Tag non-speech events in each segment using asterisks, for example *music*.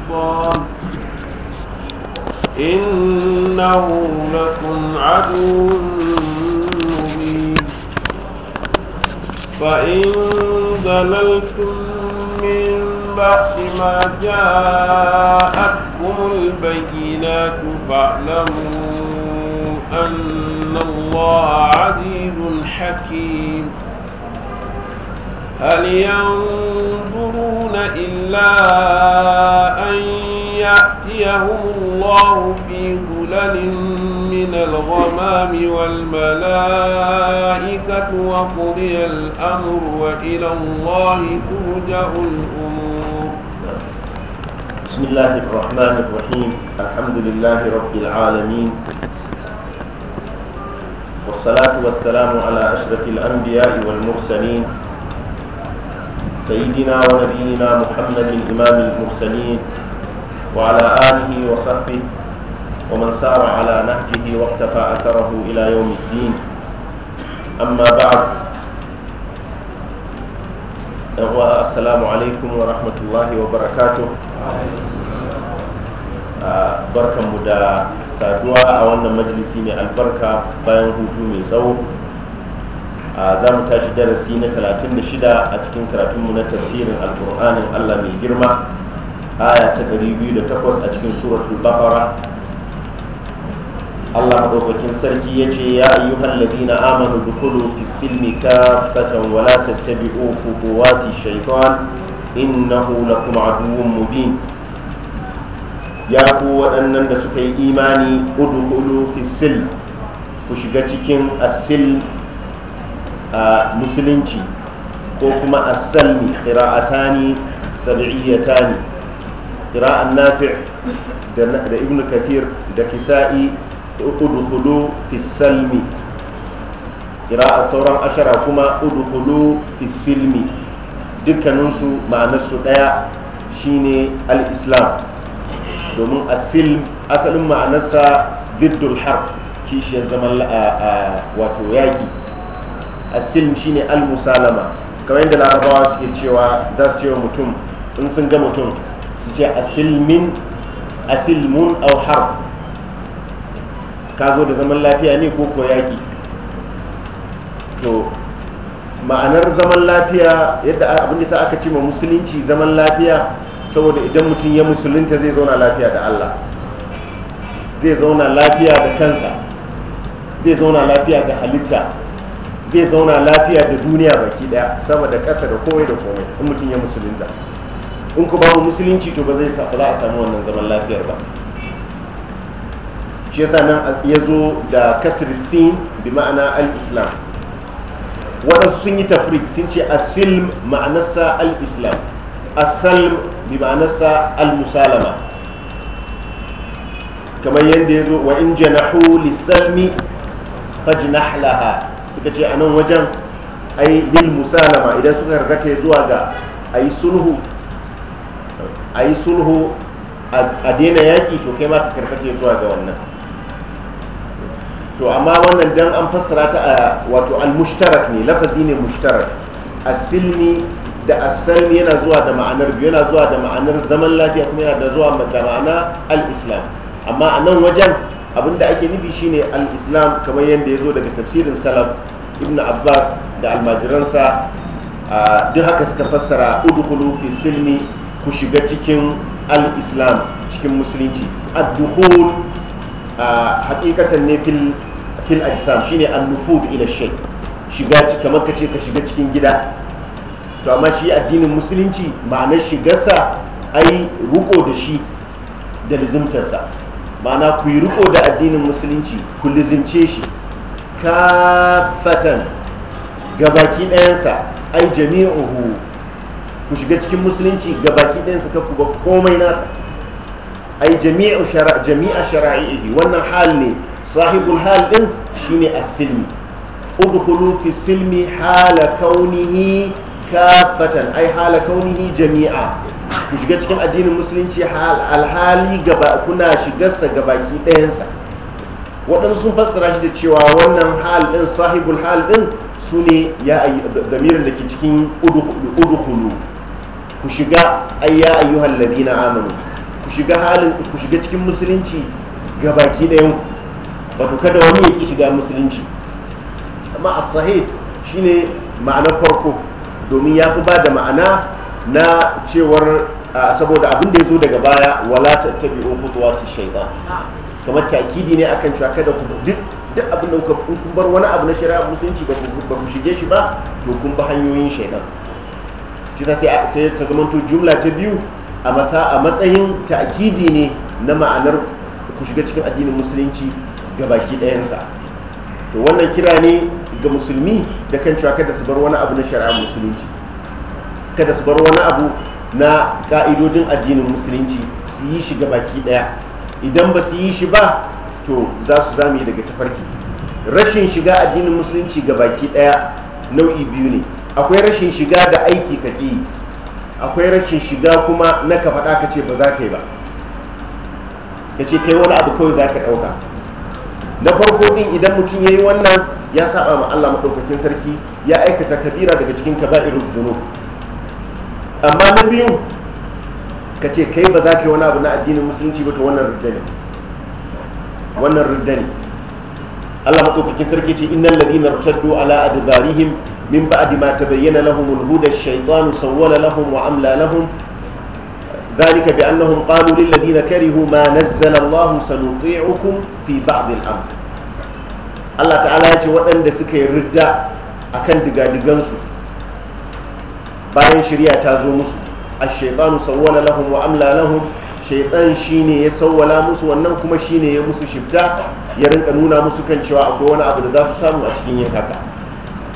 الشيطان إنه لكم عدو مبين فإن ضللتم من بعد ما جاءتكم البينات فاعلموا أن الله عزيز حكيم هل ينظرون إلا أن يأتيهم الله في ظلل من الغمام والملائكة وقضي الأمر وإلى الله ترجع الأمور بسم الله الرحمن الرحيم الحمد لله رب العالمين والصلاة والسلام على أشرف الأنبياء والمرسلين سيدنا ونبينا محمد إمام المرسلين وعلى آله وصحبه ومن سار على نهجه واقتفى أثره إلى يوم الدين أما بعد السلام عليكم ورحمة الله وبركاته barkanmu da saduwa a wannan majalisi mai albarka bayan hutu mai tsawo za mu tashi darasi na 36 a cikin karatunmu na tafsirin alkur'anin allah mai girma aya ta 208 a cikin suratul baqara allah maɗaukakin sarki ya ce ya ayyuhan na amanu dukulu fi silmi kafatan wala tattabi'u khutuwati shaytan innahu kuma aduwwun mubin ya ku waɗannan da suka yi imani udkhulu fi ku shiga cikin asil musulunci ko kuma as-salmi qira'atani ira'a qira'an nafi' da ibn kathir da kisa'i da udkhulu fi salmi qira'a sauran ashara kuma udkhulu fi silmi dukkaninsu ma'anarsu ɗaya shine al-islam domin asilm asalin ma'anarsa ziddul harb kishiyar zaman wato yaƙi asilm shine al-musalama kamar yadda larabawa suke cewa za su cewa mutum in sun ga mutum su ce asilmin asilmun au har ka zo da zaman lafiya ne ko ko yaki to ma'anar zaman lafiya yadda abin da aka ce ma musulunci zaman lafiya saboda idan mutum ya musulunta zai zauna lafiya da Allah zai zauna lafiya da kansa zai zauna lafiya da halitta zai zauna lafiya da duniya baki daya sama da ƙasa da komai da komai in mutum ya musulunta in ku babu musulunci to ba zai za a samu wannan zaman lafiyar ba shi yasa nan ya zo da kasir sin bi ma'ana al-islam waɗansu sun yi tafrik sun ce asilm ma'anarsa al-islam asalm bi ma'anarsa al-musalama kamar yadda ya zo wa in janahu lissalmi fajnah laha suka ce a nan wajen ai bil musalama idan suka karkata zuwa ga a yi sulhu a yi sulhu a daina yaƙi to kai ma ka karkace zuwa ga wannan to amma wannan dan an fassara ta a wato al-mushtarak ne lafazi ne mushtarak asilmi da asalmi yana zuwa da ma'anar biyu yana zuwa da ma'anar zaman lafiya kuma yana da zuwa da ma'ana al-islam amma a nan wajen abinda ake nufi shine al-islam kamar yadda ya zo daga tafsirin salaf ibn abbas da almajiransa duk haka suka fassara udkhulu fi silmi ku shiga cikin al-islam cikin musulunci ad-dukhul hakikatan ne fil fil ajsam shine an-nufud ila shay shiga ciki kamar ka shiga cikin gida to amma shi addinin musulunci ma'ana shigarsa ai ruko da shi da lizimtarsa ma'ana ku yi riko da addinin musulunci ku lizimce shi kafatan gabaki ɗayansa ai jami'uhu ku shiga cikin musulunci gabaki ɗayansa ka ku ga komai nasa ai jami'a shara'ihi wannan hal ne sahibul hal din shine as-silmi udkhulu fi silmi hala kaunihi kafatan ai hala kaunihi jami'a ku shiga cikin addinin musulunci alhali gaba kuna shigarsa gabaki ɗayansa waɗansu sun fassara shi da cewa wannan hal ɗin sahibul hal ɗin su ne ya damirin da ke cikin udukulu ku shiga ai ya ayyuhan ladina amanu ku shiga halin ku shiga cikin musulunci ga baki ɗayan wato kada wani ya ki shiga musulunci amma as sahih shine ma'anar farko domin ya fi ba da ma'ana na cewar saboda abin da ya zo daga baya wala tattabi'u khutuwati shaytan kamar takidi ne akan cewa kada ku duk duk abin da kuka kun bar wani abu na shari'a musulunci ba ku shige shi ba to kun bi hanyoyin shaidan shi sai sai ta zama to jumla ta biyu a mata a matsayin takidi ne na ma'anar ku shiga cikin addinin musulunci ga baki ɗayansa to wannan kira ne ga musulmi da kan cewa kada su bar wani abu na shari'a musulunci kada su bar wani abu na ka'idodin addinin musulunci su yi shi ga baki ɗaya idan ba su yi shi ba to za su zame daga tafarki rashin shiga addinin musulunci ga baki daya nau'i biyu ne akwai rashin shiga da aiki ka akwai rashin shiga kuma na ka faɗa ka ce ba za ka yi ba ka ce kai wani abu kawai za ka ɗauka na farko ɗin idan mutum ya yi wannan ya saba ma allah maɗaukakin sarki ya aikata kabira daga cikin kaba'irul zunub amma na biyu ka ce kai ba za ka yi wani abu na addinin musulunci ba ta wannan rudda wannan rudda Allah madaukakin sarki ce innal ladina rtaddu ala adbarihim min ba'di ma tabayyana lahum al-huda ash-shaytanu sawwala lahum wa amla lahum ذلك بأنهم قالوا للذين كرهوا ما نزل الله سنطيعكم في بعض الأمر الله تعالى يجي وأن سكي ردة أكن دقا bayan باين ta zo musu. الشيطان سول لهم وأملى لهم شيطان shine ya sawwala musu wannan kuma shine ya musu shifta ya rinka nuna musu kan cewa akwai wani abu da za samu a cikin yin haka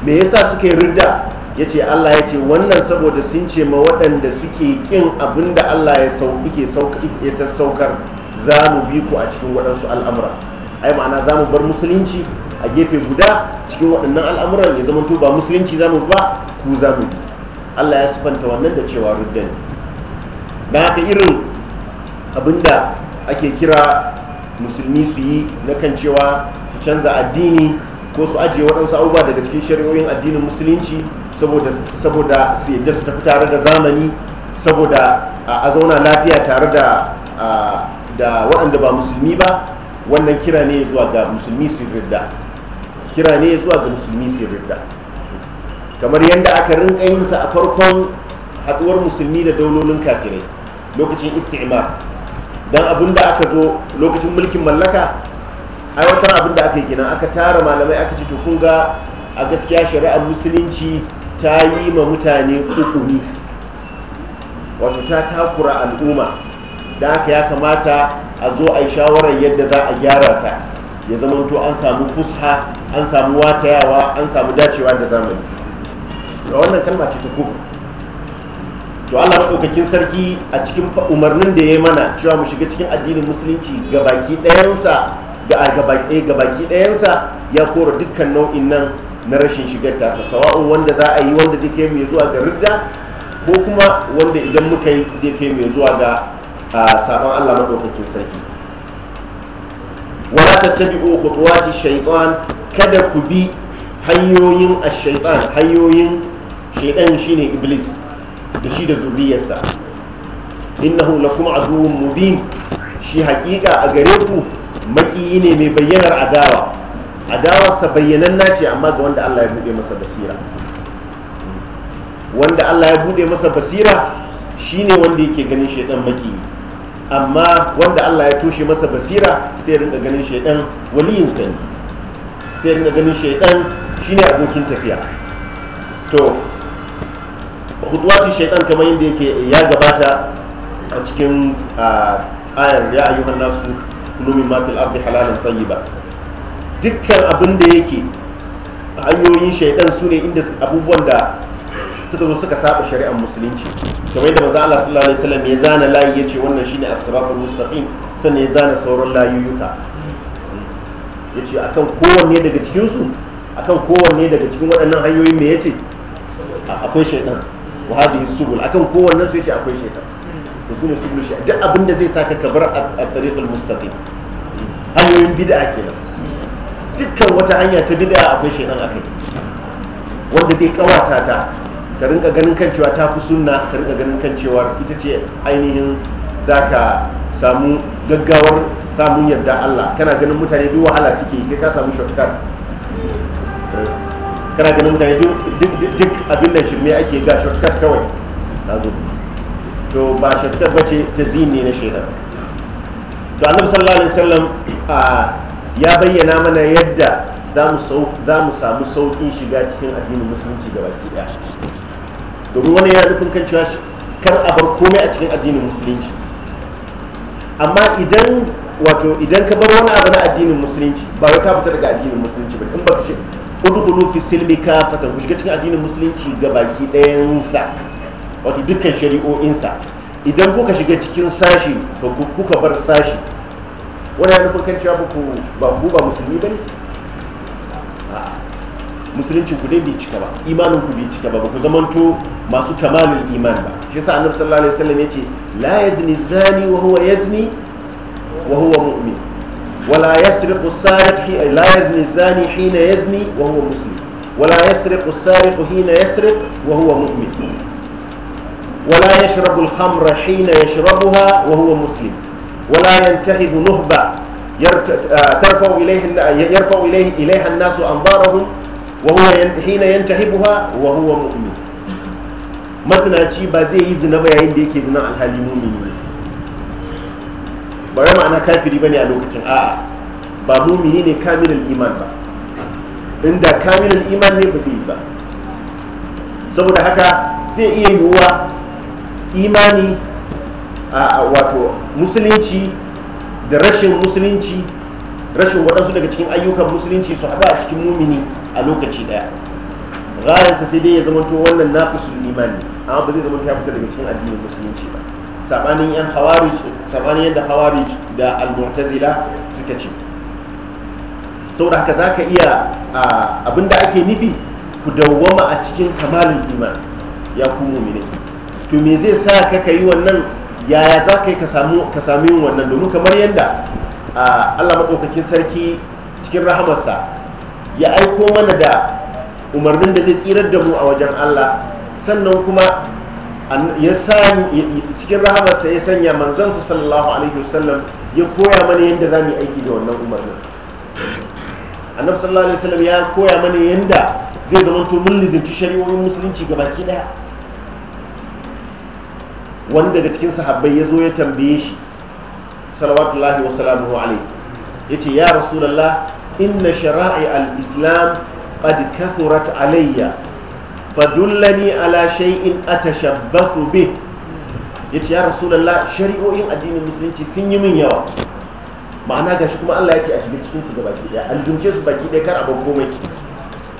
me yasa suke ridda ya allah ya ce wannan saboda sun ce ma waɗanda suke kin abin da allah ya sassaukar za mu bi ku a cikin waɗansu al'amura ai ma'ana za mu bar musulunci a gefe guda cikin waɗannan al'amuran ya zama to ba musulunci za mu ba ku za mu bi Allah ya sifanta wannan da cewa ruddan da haka irin abinda ake kira musulmi su yi na kan cewa su canza addini ko su ajiye waɗansu abubuwa daga cikin shari'o'in addinin musulunci saboda su yadda su tafi tare da zamani saboda a zauna lafiya tare da waɗanda ba musulmi ba wannan kira ne zuwa ga musulmi su ridda kira ne zuwa ga musulmi su ridda kamar yadda aka rinka yin sa a farkon haɗuwar musulmi da daulolin kafirai lokacin istimar don abin da aka zo lokacin mulkin mallaka aiwatar abin da aka yi gina aka tara malamai aka ce kun ga a gaskiya shari'ar musulunci ta yi ma mutane kukuni wato ta takura al'umma da haka ya kamata a zo a yi shawarar yadda za a gyara ta ya zama to an samu fusha an samu watayawa an samu dacewa da zamani to wannan kalma ce ta kufur to Allah maɗaukakin sarki a cikin umarnin da ya mana cewa mu shiga cikin addinin musulunci ga baki ɗayansa ga eh, baki ɗayansa ya kora dukkan nau'in nan na rashin shigar tasa sawa'u wanda za a yi wanda zai kai mai zuwa ga ridda ko kuma wanda idan muka yi zai kai mai zuwa ga sabon Allah maɗaukakin sarki wala tattabi'u khutuwati shaytan kada ku bi hanyoyin ashaytan hanyoyin shaidan shine iblis da shi da zuriyarsa innahu lakum aduwwun mubin shi hakika a gare ku makiyi ne mai bayyanar adawa adawarsa bayyananna ce amma ga wanda Allah ya buɗe masa basira wanda Allah ya bude masa basira shine wanda yake ganin shaidan makiyi amma wanda Allah ya toshe masa basira sai rinka ganin shaidan waliyin sani sai rinka ganin shaidan shine abokin tafiya to hutuwatin shaitan kamar yadda yake ya gabata a cikin ayar ya ayyuhan nasu kulu min ma fil ardi halalan tayyiba dukkan abin da yake hanyoyin shaitan su ne inda abubuwan da suka zo suka saba shari'ar musulunci kamar yadda manzo Allah sallallahu alaihi wasallam ya zana layi ya ce wannan shine as-siratul mustaqim sannan ya zana sauran layuyuka ya yace akan kowanne daga cikin su akan kowanne daga cikin waɗannan hanyoyin me ya ce akwai shaitan wa hadhihi subul akan kowannen su yace akwai shaitan to sune subul shi duk abin da zai saka ka bar at-tariqul mustaqim hanyoyin bid'a kenan dukkan wata hanya ta bid'a akwai shaitan akai wanda zai kawata ta ka rinka ganin kan cewa ta fi sunna ka rinka ganin kan cewa ita ce ainihin zaka samu gaggawar samun yarda Allah kana ganin mutane duk wahala suke kai ka samu shortcut kana ganin mutane duk abin da shirme ake ga shortcut kawai na zo to ba shortcut ba ce ta zini na shaida. to annabi sallallahu alaihi wasallam ya bayyana mana yadda za mu samu sauƙin shiga cikin addinin musulunci ga baki ɗaya domin wani yana nufin kan cewa kar a bar komai a cikin addinin musulunci amma idan wato idan ka bar wani abu na addinin musulunci ba wai ka fita daga addinin musulunci ba in ba udkhulu fi silmi kafatan ku shiga cikin addinin musulunci ga baki ɗayansa wato dukkan shari'o'insa idan kuka shiga cikin sashi ba kuka bar sashi wani yana kan cewa ba ku ba ku ba musulmi ne musulunci ku dai bai cika ba imanin ku bai cika ba ba ku zamanto masu kamalin iman ba shi yasa annabi sallallahu alaihi wasallam ce la yazni zani wa huwa yazni wa huwa mu'min ولا يسرق السارق لا يزني الزاني حين يزني وهو مسلم ولا يسرق السارق حين يسرق وهو مؤمن ولا يشرب الخمر حين يشربها وهو مسلم ولا ينتهب نهبا ترفع إليه يرفع إليه إليها الناس أنظارهم وهو حين ينتهبها وهو مؤمن مثنى شي بازي يزن بيعين ديك يزن الحالي مؤمن ba wai ma'ana kafiri bane a lokacin a'a ba mumini ne kamilul iman ba inda kamilul iman ne ba zai ba saboda haka zai iya yiwuwa imani a wato musulunci da rashin musulunci rashin waɗansu daga cikin ayyukan musulunci su haɗu a cikin mumini a lokaci ɗaya rayansa sai dai ya zama to wannan naqisul imani amma ba zai zama ya fita daga cikin addinin musulunci ba sabanin yan hawari sabanin yadda hawari da al-mu'tazila suka ce saboda haka zaka iya abinda ake nufi ku dawwama a cikin kamalin iman ya ku mu'mini to me zai sa ka kai wannan yaya za ka ka samu yin wannan domin kamar yadda Allah madaukakin sarki cikin rahamarsa ya aiko mana da umarnin da zai tsirar da mu a wajen Allah sannan kuma ya cikin rahamarsa ya sanya manzansa sallallahu alaihi wasallam ya koya mana yadda za mu yi aiki da wannan umarnin annabi sallallahu alaihi wasallam ya koya mana yadda zai zama to mun lizinci shari'o'in musulunci ga baki daya wani daga cikin sahabbai ya zo ya tambaye shi salawatullahi wa salamuhu alaihi ce ya rasulullah inna shara'i al-islam qad kathurat alayya fadullani ala shay'in atashabbahu bih yace ya rasulullah shari'o'in addinin musulunci sun yi min yawa ma'ana gashi kuma Allah yake a shiga cikin su gabaki daya an su baki daya kar abin komai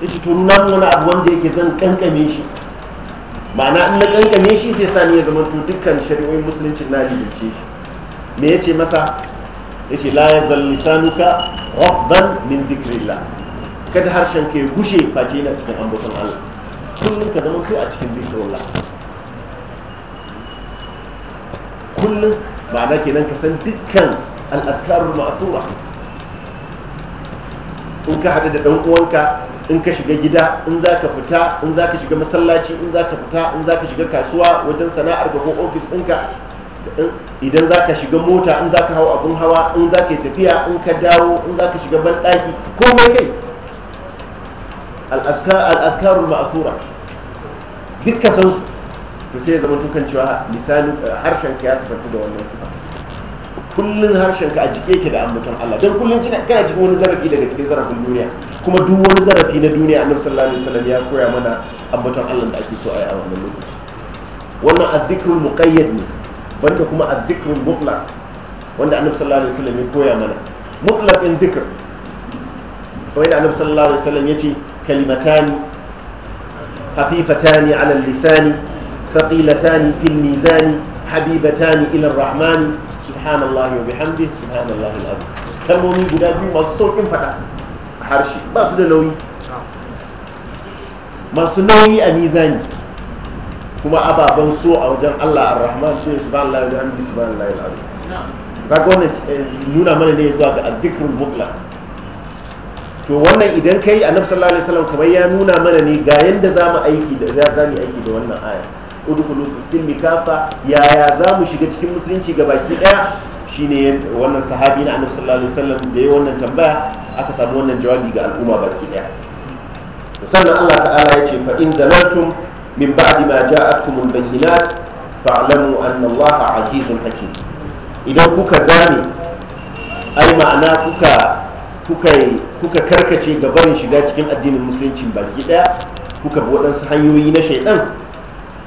yace to nan wani abu wanda yake zan kankame shi ma'ana in na kankame shi zai sa ni ya zama to dukkan shari'o'in musulunci na jumce shi me yace masa yace la yazal lisanuka rafdan min dhikrillah kada harshen ka ya gushe face yana cikin ambaton Allah kullum ka zama a cikin zikirin kullum ma'ana kenan ka san dukkan al'askarun ma'asura in ka haɗu da ɗan uwanka in ka shiga gida in za ka fita in za ka shiga masallaci in za ka fita in za ka shiga kasuwa wajen sana'ar ka ko ofis ɗinka idan za ka shiga mota in za ka hau abin hawa in za ka yi tafiya in ka dawo in za ka shiga banɗaki komai kai al'askarun ma'asura dukkan san su to sai ya zama tukan cewa misali eh, harshen ka ya sabanta da wannan sifa kullun harshen ka a jike yake da ambaton Allah dan kullun kina kana cikin wani zarafi daga cikin zarafin duniya kuma duk wani zarafi na duniya Annabi sallallahu alaihi wasallam ya koya mana ambaton Allah da ake so a yi a wannan lokaci wannan azzikrul muqayyad ne banda kuma azzikrul mutlaq wanda Annabi sallallahu alaihi wasallam ya koya mana mutlaqin dhikr wanda Annabi sallallahu alaihi wasallam yace kalimatani خفيفتان على اللسان ثقيلتان في الميزان حبيبتان إلى الرحمن سبحان الله وبحمده سبحان الله العظيم kalmomi guda biyu masu sauƙin faɗa a harshe ba su da nauyi masu nauyi a mizani kuma ababen so a Allah ar-Rahman shi subhanallahi wa bihamdihi subhanallahi al-azim kaga wannan nuna mana ne zuwa ga al-dhikrul to wannan idan kai annabi sallallahu alaihi wasallam kamar ya nuna mana ne ga yanda za mu aiki da za za mu aiki da wannan aya udkhulu silmi kafa yaya za mu shiga cikin musulunci ga baki daya shine wannan sahabi na annabi sallallahu alaihi wasallam da ya wannan tambaya aka samu wannan jawabi ga al'umma baki daya sannan Allah ta'ala ya ce fa in zalantum min ba'di ma ja'atkum al-bayyinat fa'lamu anna Allah azizun hakim idan kuka zame ai ma'ana kuka kuka karkace ga barin shiga cikin addinin musulunci baki daya kuka bi waɗansu hanyoyi na shaidan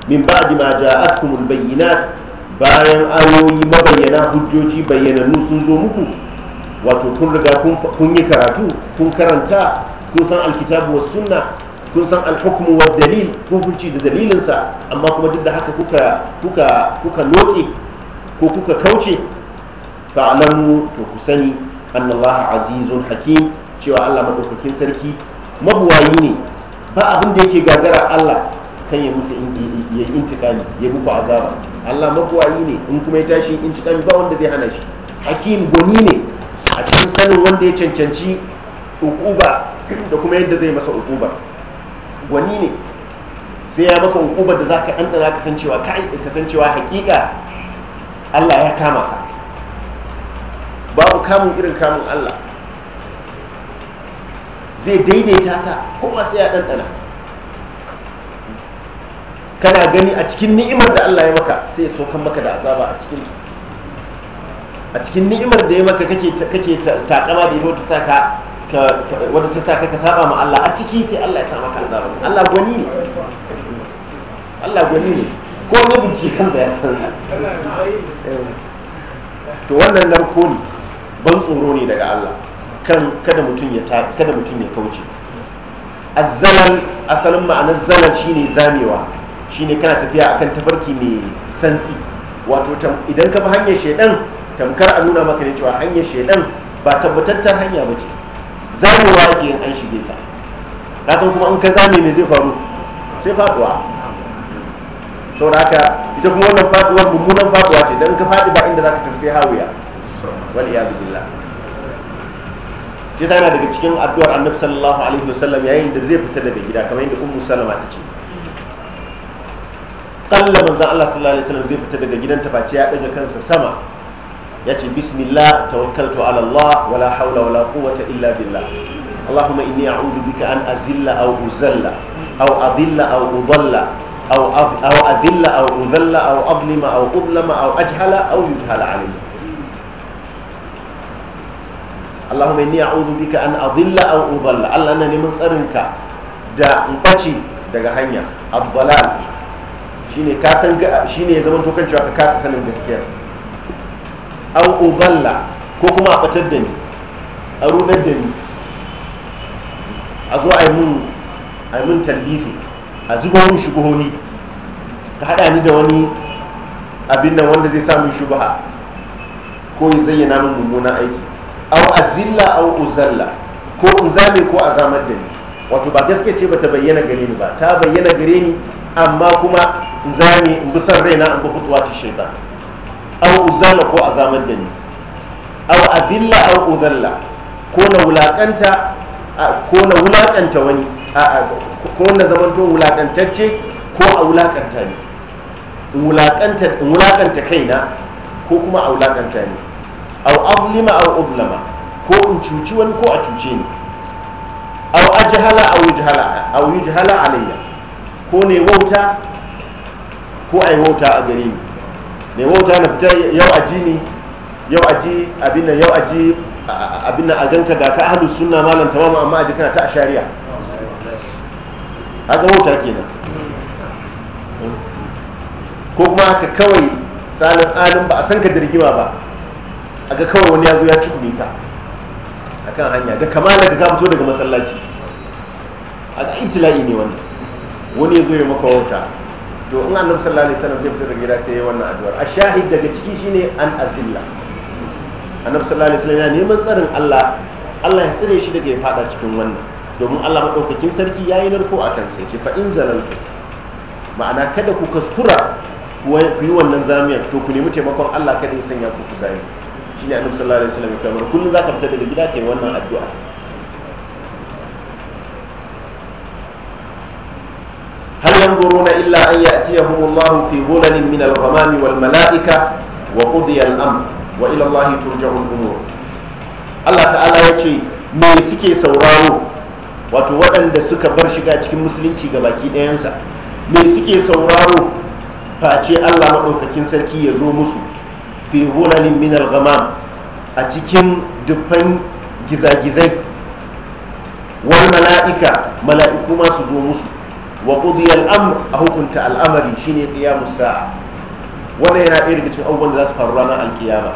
min ba ma ja'atkumul bayyinat bayan ayoyi mabayyana hujjoji bayyanannu sun zo muku wato kun riga kun yi karatu kun karanta kun san alkitabu was sunna kun san alhukmu wa dalil hukunci da dalilinsa amma kuma duk da haka kuka kuka kuka loke ko kuka kauce fa'lamu to ku sani anna Allah azizun hakim cewa Allah madaukakin sarki mabuwayi ne ba abin da yake gagara Allah kan ya musu ya intikami ya muku azaba Allah mabuwayi ne in kuma ya tashi intikami ba wanda zai hana shi hakim goni ne a cikin sanin wanda ya cancanci ukuba da kuma yadda zai masa ukuba gwani ne sai ya maka ukuba da zaka ɗanɗana kasancewa kasancewa hakika Allah ya kama ka kamun irin kamun Allah zai daidaita ta ko sai ya ɗanɗana kana gani a cikin ni'imar da Allah ya maka sai ya sokan maka da azaba a cikin a cikin ni'imar da ya maka kake kake takama da ita ta ka wadda ta saka ka saba ma Allah a ciki sai Allah ya sa maka azaba Allah gwani ne Allah gwani ne ko ne bincike kansa ya san to wannan narko ne ban tsoro ne daga Allah kan kada mutum ya kada mutum ya kauce azzalal asalin ma'anar zalal shine zamewa shine kana tafiya akan tafarki mai santsi wato idan ka bi hanyar shedan tamkar a nuna maka ne cewa hanyar shedan ba tabbatattar hanya ba ce zamewa ke yin an shige ta ka san kuma in ka zame me zai faru sai faduwa saboda haka ita kuma wannan faduwar mummunan faduwa ce dan ka fadi ba inda zaka tafi sai hawiya wal iyadu billah shi yasa yana daga cikin addu'ar annabi sallallahu alaihi wasallam yayin da zai fita daga gida kamar yadda ummu salama ta ce kalla manzo Allah sallallahu alaihi wasallam zai fita daga gidan ta face ya daga kansa sama ya ce bismillah tawakkaltu ala Allah wala hawla wala quwwata illa billah اللهم إني أعوذ بك أن أزل أو أزل أو أضل أو أضل أو أو أذل أو أذل أو أظلم أو أظلم أو أجهل أو يجهل علي Allahumma inni a'udhu bika an adilla aw udalla Allah na neman tsarinka da in daga hanya abdalal shine ka san shine ya zama tokan cewa ka kasa sanin gaskiya aw udalla ko kuma a batar da ni a rudar da ni a zo a yi mun talbisi a zuba mun shubuhoni ka haɗa ni da wani abin nan wanda zai sa mun shubha ko zai zayyana mun mummunan aiki aw azilla aw uzalla ko in zame ko a zamar da ni wato ba gaske ce bata bayyana gare ni ba ta bayyana gare ni amma kuma in zame in bi san raina in bi fituwa ta shaitan aw uzalla ko a zamar da ni aw azilla aw uzalla ko na wulakanta ko na wulakanta wani ko na zamanto wulakantacce ko a wulakanta ni in wulakanta kaina ko kuma a wulakanta ni au azlima au ublama ko in cuci wani ko a cuce ni au ajhala au yujhala au yujhala alayya ko ne wauta ko ai wauta a gare ni ne wauta na fita yau aji ni yau aji abin nan yau aji abin a ganka ga ka ahlus sunna malam tamam amma aji kana ta shari'a, haka wauta kenan ko kuma haka kawai salin alin ba a san ka da rigima ba a ga kawai wani ya zo ya cikule ka a kan hanya ga kamala daga ka fito daga masallaci a ga ibtila'i ne wannan wani ya zo ya maka wauta to in annabi sallallahu alaihi wasallam zai fito daga gida sai ya wannan addu'ar a shahid daga ciki shine an asilla annabi sallallahu alaihi wasallam ya neman tsarin Allah Allah ya tsare shi daga ya fada cikin wannan domin Allah madaukakin sarki yi narko a kan sai ce fa in zalaltu ma'ana kada ku kaskura ku yi wannan zamiyar to ku nemi taimakon Allah kada ya sanya ku ku shine annabi sallallahu alaihi wasallam ya kamar kullum zaka fita daga gida kai wannan addu'a هل ينظرون إلا أن يأتيهم الله في ظلل من الغمام والملائكة وقضي الأمر وإلى الله ترجع الأمور الله تعالى يقول me suke sauraro wato waɗanda suka bar shiga cikin musulunci ga baki ɗayansa me suke sauraro face allah maɗaukakin sarki ya zo musu fi hulalin min al a cikin dufan gizagizai wani mala'ika mala'iku masu zo musu wa qudiya al a hukunta al'amari shine qiyamus sa'a wannan yana ɗaya daga cikin abubuwan da za su faru ranar alkiyama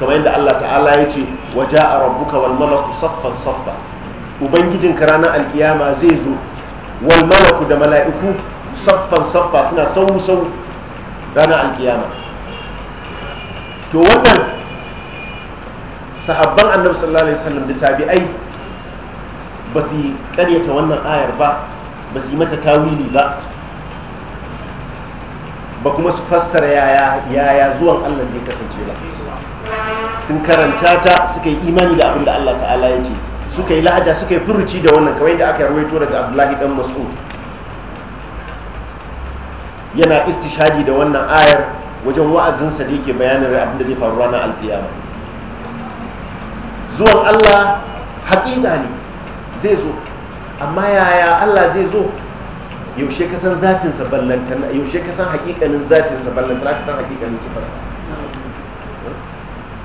kamar yadda Allah ta'ala ya ce wa ja'a rabbuka wal malaku saffan saffa ka ranar alkiyama zai zo wal malaku da mala'iku saffan saffa suna sau sau ranar alkiyama to wannan sahabban annabi sallallahu alaihi wasallam da tabi'ai ba su ƙaryata wannan ayar ba ba su yi mata tawili ba ba kuma su fassara yaya yaya zuwan Allah zai kasance ba sun karanta ta suka yi imani da abin da Allah ta'ala ya ce suka yi lahaja suka yi furuci da wannan kamar yadda aka rawaito daga abdullahi dan mas'ud yana istishadi da wannan ayar wajen wa'azinsa da yake bayanin abin da zai faru ranar alfiyama. zuwan Allah haƙiƙa ne zai zo amma yaya Allah zai zo yaushe ka san zatinsa ballantan yaushe ka san haƙiƙanin zatinsa ballantan ka san haƙiƙanin sifarsa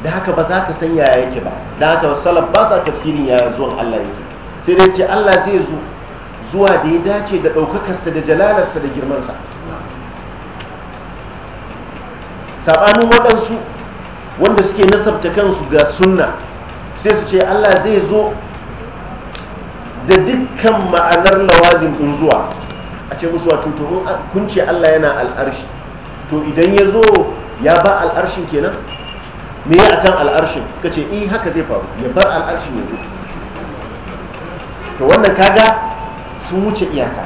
da haka ba za ka san yaya yake ba da haka salaf ba sa tafsirin yaya zuwan Allah yake sai dai ce Allah zai zo zuwa da ya dace da ɗaukakarsa da jalalarsa da girmansa sabanin waɗansu wanda suke nasabta kansu ga sunna sai su ce allah zai zo da dukkan ma'anar lawazin ɗin zuwa a ce musu wato to kun ce allah yana al'arshi to idan ya zo ya ba al'arshin kenan me ya akan al'arshin ka ce in eh, haka zai faru ya bar al'arshin ya zo to wannan kaga sun wuce iyaka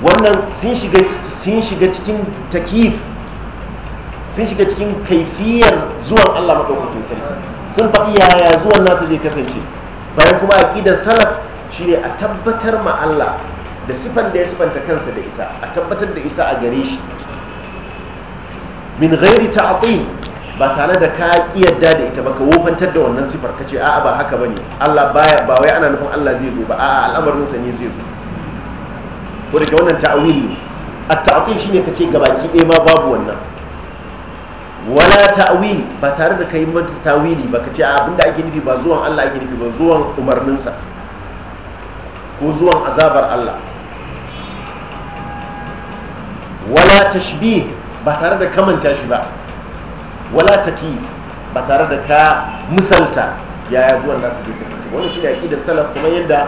wannan sun shiga cikin takif sun shiga cikin kaifiyar zuwan Allah madaukakin sarki sun faɗi yaya zuwan nasu zai kasance bayan kuma aqidar salaf shine a tabbatar ma Allah da sifan da ya sifanta kansa da ita a tabbatar da ita a gare shi min ghairi ta'til ba tare da ka yadda da ita ba ka wofantar da wannan sifar ka ce a'a ba haka bane Allah baya ba wai ana nufin Allah zai zo ba a'a al'amarin sa ne zai zo ko daga wannan tawili ne at-ta'til shine kace gabaki ɗaya ma babu wannan wala ta'wil ba tare da kai mata ta'wili ba ka ce abinda ake nufi ba zuwan Allah ake nufi ba zuwan umarninsa ko zuwan azabar Allah wala tashbih ba tare da kamanta shi ba wala taki ba tare da ka misalta yaya zuwan nasu ke kasance wannan shi ne aqidar salaf kuma yadda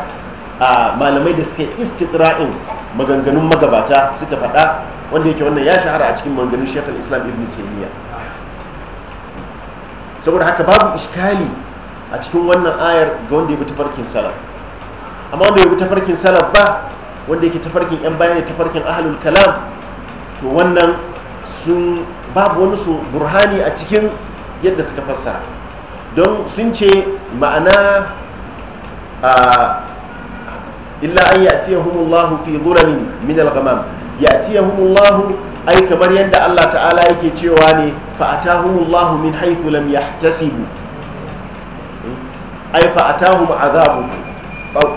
malamai da suke istiqra'in maganganun magabata suka faɗa wanda yake wannan ya shahara a cikin maganganun Sheikhul Islam Ibn Taymiyyah saboda haka babu iskali a cikin wannan ayar ga wanda ya bi tafarkin salaf amma wanda ya bi tafarkin salaf ba wanda yake tafarkin yan bayan tafarkin ahlul kalam to wannan sun babu wani su burhani a cikin yadda suka fassara don sun ce ma'ana a illa an ya'tiyahumullahu fi dhulamin min al-ghamam ya'tiyahumullahu ai kamar yadda Allah ta'ala yake cewa ne fa'atahu Allah min haythu lam yahtasibu ai fa'atahum azabu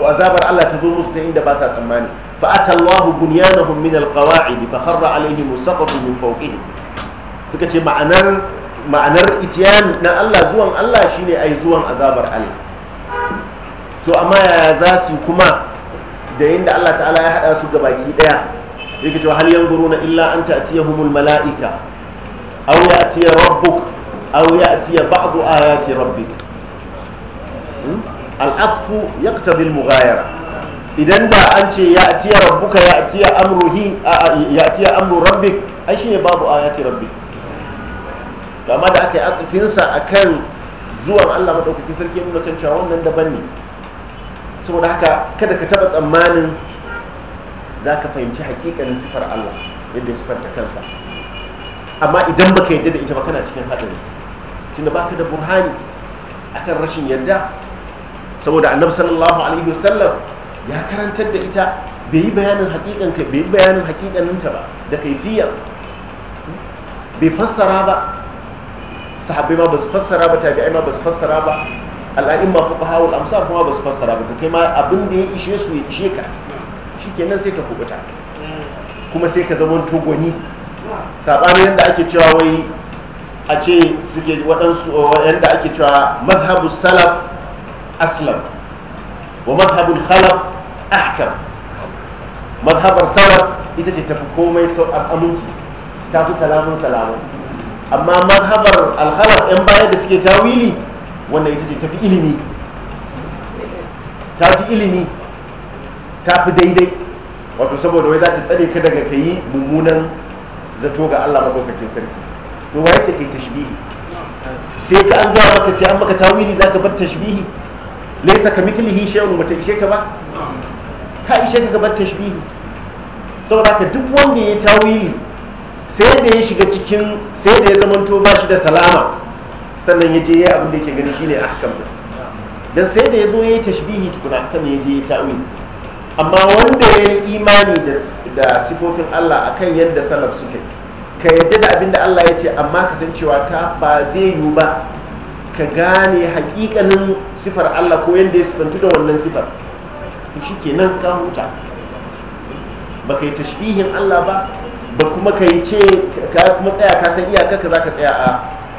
azabar Allah ta zo musu ta inda ba sa tsammani fa'ata Allah bunyanahum min alqawa'id fa kharra alaihim saqatu min fawqihim suka ce ma'anar ma'anar itiyan na Allah zuwan Allah shine ai zuwan azabar Allah to amma yaya za su kuma da yadda Allah ta'ala ya hada su gabaki daya yake cewa hal yanzuruna illa an humul mala'ika aw ya'tiya rabbuk aw ya'tiya ba'du ayati rabbik hmm? al'atfu yaqtadi al-mughayara idan da an ce ya'tiya rabbuka ya'tiya amruhi ya'tiya amru rabbik ai shine babu ayati rabbik amma da aka yi atsufinsa akan zuwan Allah madaukaki sarki nuna kan cewa wannan daban ne saboda haka kada ka taba tsammanin za ka fahimci hakikanin sifar Allah yadda sifar ta kansa amma idan baka yadda da ita ba kana cikin hatsari tunda baka da burhani akan rashin yadda saboda annabi sallallahu alaihi wasallam ya karantar da ita bai yi bayanin hakikan bai yi bayanin hakikanin ta ba da kaifiyar bai fassara ba sahabbai ma ba su fassara ba tabi'ai ma ba su fassara ba al'a'imma fuqaha wal amsar kuma ba su fassara ba kai ma abin da ya ishe su ya ishe ka shikenan sai ka kubuta kuma sai ka zama togoni saɓanin yadda ake cewa wai a ce suke waɗansu yadda ake cewa mazhabu salaf aslam wa mazhabul halaf ahkam mazhabar salaf ita ce tafi komai sau aminci ta fi salamun salamun amma mazhabar alhalar 'yan bayan da suke tawili wannan ita ce tafi ilimi tafi ilimi ta fi daidai wato saboda wai za ta tsare ka daga ka yi mummunan zato ga allah maɗaukakin sarki to wai ce kai tashbihi sai ka an zuwa maka sai an maka tawili za ka bar tashbihi laisa ka mithlihi shay'un bata ishe ka ba ta ishe ka bar tashbihi saboda ka duk wanda ya tawili sai da ya shiga cikin sai da ya zamanto ba shi da salama sannan ya je ya abin da yake gani shine ahkam dan sai da ya zo ya yi tashbihi tukuna sannan ya je ya tawili amma wanda ya yi imani da sifofin Allah akan yadda salaf suke ka yadda da abinda Allah ya ce amma kasancewa ta ba zai yiwu ba ka gane hakikanin sifar Allah ko yadda ya sifantu da wannan sifar shi nan ka huta ba ka yi tashbihin Allah ba ba kuma ka yi ce ka kuma tsaya ka san iyaka ka za ka tsaya a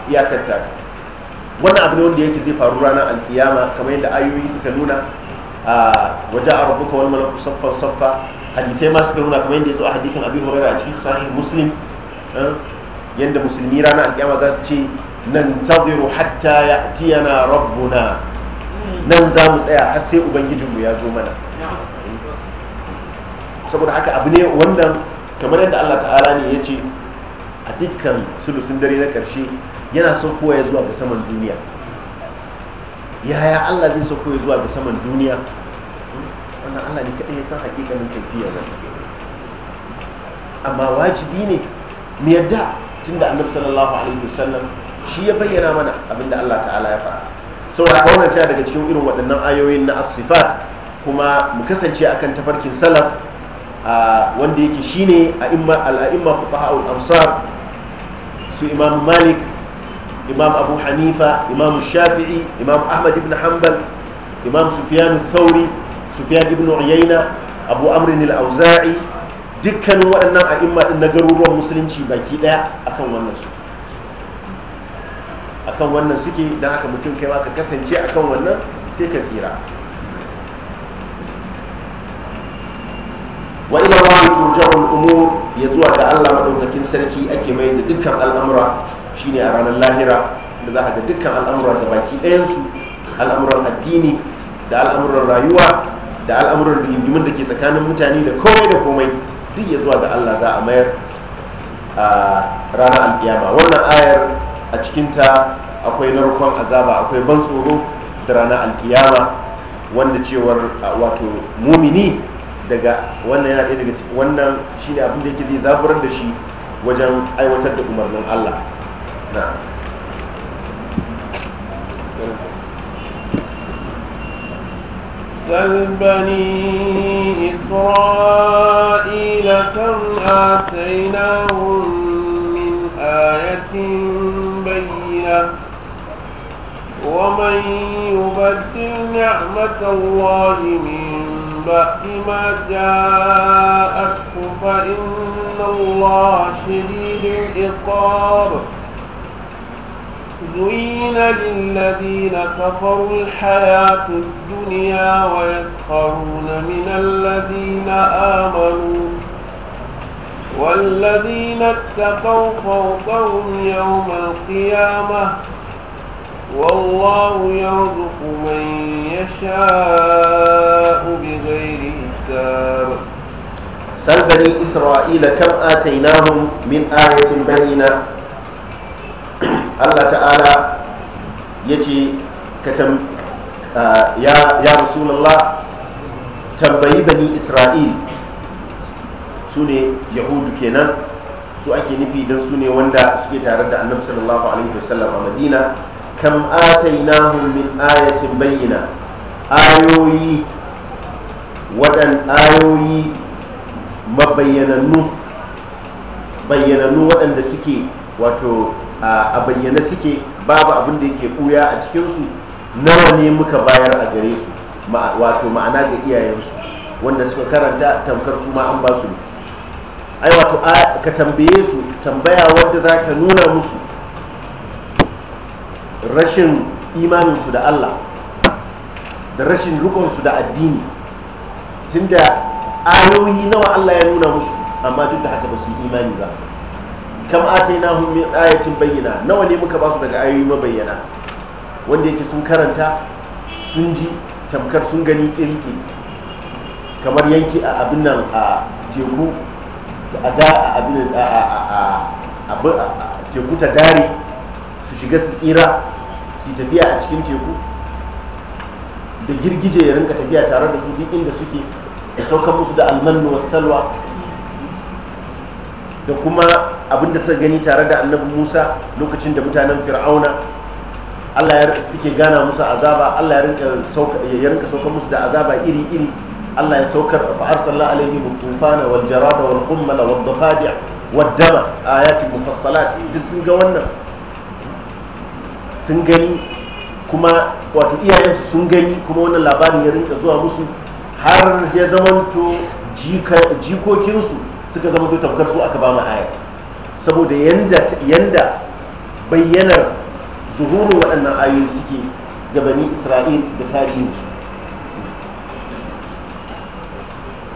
iyakar ta wannan abu ne wanda yake zai faru ranar alkiyama kamar yadda ayoyi suka nuna waje a rabuka wani malaku saffan saffa hadisai masu karuna kuma yadda ya zo a hadisin abin horaira a cikin sahih muslim eh, yadda musulmi rana alƙiyama za su ce nan taziru hatta ya tiyana rabbuna nan za mu tsaya har sai ubangijinmu ya zo mana saboda haka abu ne wannan kamar yadda allah ta'ala ne ya ce a dukkan sulusun dare na ƙarshe yana son kowa ya zuwa ga saman duniya yaya Allah zai sauko ya zuwa ga saman duniya wannan Allah ne kaɗai ya san hakikanin tafiya nan amma wajibi ne mu yadda tunda annabi sallallahu alaihi wasallam shi ya bayyana mana abinda Allah ta'ala ya faɗa So da wannan ta daga cikin irin waɗannan ayoyin na asifat kuma mu kasance akan tafarkin salaf wanda yake shine a imma al-a'imma fuqaha al su imam malik imam abu hanifa imam shafi'i imam ahmad ibn hanbal imam sufyan thauri sufyan ibn uyayna abu amrin al-auza'i dukkanin waɗannan a'imma din na garuruwan musulunci baki ɗaya akan wannan su akan wannan suke don haka mutum kai ka kasance akan wannan sai ka tsira wa ila wa turja'ul umur ya zuwa ga Allah madaukakin sarki ake mai da dukkan al'amura shine a ranar lahira da za a ga dukkan al'amuran da baki ɗayansu al'amuran addini da al'amuran rayuwa da al'amuran rigimin da ke tsakanin mutane da komai da komai duk ya zuwa da allah za a mayar a ranar alƙiyama wannan ayar a cikinta akwai narkon azaba akwai ban tsoro da ranar alƙiyama wanda cewar wato mumini daga wannan yana ɗaya daga wannan shine abin da yake zai zaburar da shi wajen aiwatar da umarnin allah نعم. سل بني إسرائيل كم آتيناهم من آية بينة ومن يبدل نعمة الله من بعد ما جاءته فإن الله شديد العقاب زين للذين كفروا الحياة الدنيا ويسخرون من الذين آمنوا والذين اتقوا فوقهم يوم القيامة والله يرزق من يشاء بغير حساب سل بني إسرائيل كم آتيناهم من آية بينة Allah ta'ala ya ce ya rasulullah tambayi bani isra'il su ne yahudu kenan su ake nufi don su ne wanda suke tare da annabi sallallahu alaihi wasallam a madina kam atainahum min ayatin bayyana ayoyi waɗan ayoyi mabayyanannu bayyanannu waɗanda suke wato a bayyane suke babu abin da yake ɓuya a cikinsu nawa ne muka bayar a gare su wato ma'ana ga iyayensu wanda suka karanta tamkar su an ba su ai wato ka tambaye su tambaya wadda za ka nuna musu rashin imaninsu da allah da rashin rukunsu da addini tunda ayoyi nawa allah ya nuna musu amma duk da haka ba su imani ba kam atainahum min ayatin bayyana nawa ne muka ba su daga ayoyi mabayyana wanda yake sun karanta sun ji tamkar sun gani kirki kamar yanki a abin nan a teku a da a abin a teku ta dare su shiga su tsira su tafiya a cikin teku da girgije ya rinka tafiya tare da su duk inda suke da saukar musu da almanu wasu salwa da kuma abinda suka gani tare da annabi musa lokacin da mutanen fir'auna allah ya suke gana musu azaba allah ya rinka saukar musu da azaba iri iri allah ya saukar sallah alaihi wa tufana wal jarada wal qummala wal dhafadi'a wal dama ayati mufassalat duk sun ga wannan sun gani kuma wato iyayen sun gani kuma wannan labarin ya rinka zuwa musu har ya zamanto jikokinsu suka zama to tabkar su aka ba mu ayati saboda yanda bayyanar zuhurin waɗannan ayoyi suke gabani isra'il da tarihi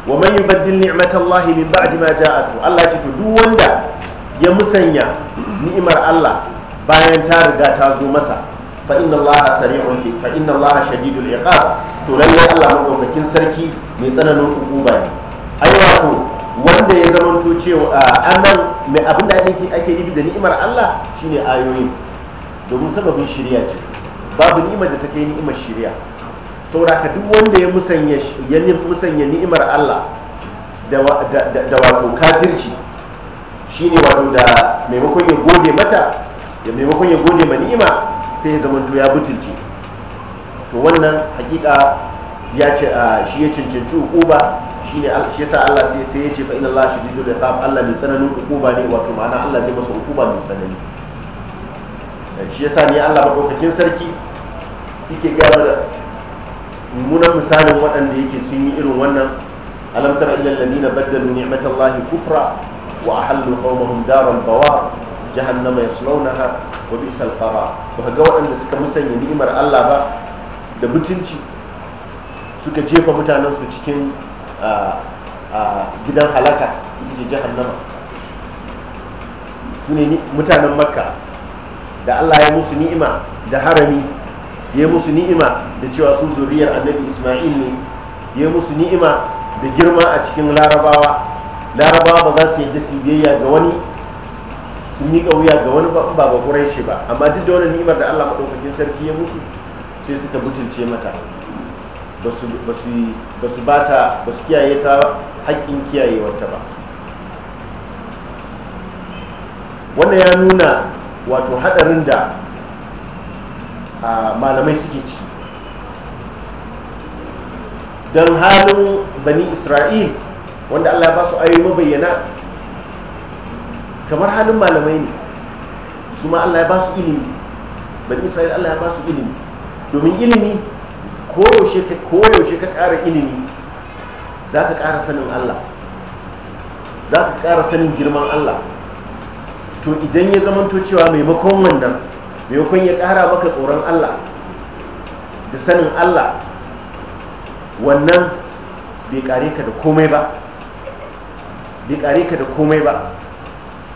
wa man yubaddil ni'matallahi min ba'di ma ja'atu Allah ya ce duk wanda ya musanya ni'imar Allah bayan ta riga ta zo masa fa inna Allah sari'un fa inna Allah shadidul iqab to lalle Allah madaukakin sarki mai tsananin hukuma ne ai wato wanda ya zamanto cewa nan mai abin da ake nufi da ni'imar Allah shine ayoyi domin sababin shirya ce babu ni'imar da ta kai ni'imar shirya saboda ka duk wanda ya musanya ni'imar Allah da wato kafirci shine wato da maimakon ya gode mata da maimakon ya gode ma ni'ima sai ya zamanto ya butulce to wannan hakika ya ce shi ya cancanci uku shine shi sa Allah sai sai ya ce fa inna Allah da iqab Allah mai tsananin hukuma ne wato ma'ana Allah zai masa hukuma mai sanani eh, shi yasa ne Allah ba dokokin sarki yake gaba da mummunan misalin waɗanda yake sun yi irin wannan alam tara na alladhina baddalu ni'matallahi kufra wa ahallu qawmahum daral bawar jahannama yaslawnaha wa bi'sal qarar ba ga waɗanda suka musanya ni'imar Allah ba da mutunci suka jefa mutanen su cikin gidan halaka ita ce jahannama su ne mutanen makka da allah ya musu ni'ima da harami ya musu ni'ima da cewa su zuriyar annabi isma'il ne ya musu ni'ima da girma a cikin larabawa larabawa ba za su yadda su biyayya ga wani sun yi wuya ga wani ba ba ba ba amma duk da wani ni'imar da allah maɗaukakin sarki ya musu sai suka mutunce mata ba su bata ta ba su kiyaye ta haƙƙin kiyayewarta ba wannan ya nuna wato haɗarin da malamai suke ciki don halin bani isra'il wanda allah ba su ayoyi mabayyana kamar halin malamai ne su ma allah ya ba su ilimi bani isra'il allah ya ba su ilimi domin ilimi koyaushe ka koyaushe ka ƙara ilimi za ka ƙara sanin Allah za ka ƙara sanin girman Allah to idan ya zamanto cewa maimakon wannan maimakon ya ƙara maka tsoron Allah da sanin Allah wannan bai ƙare ka da komai ba bai ƙare ka da komai ba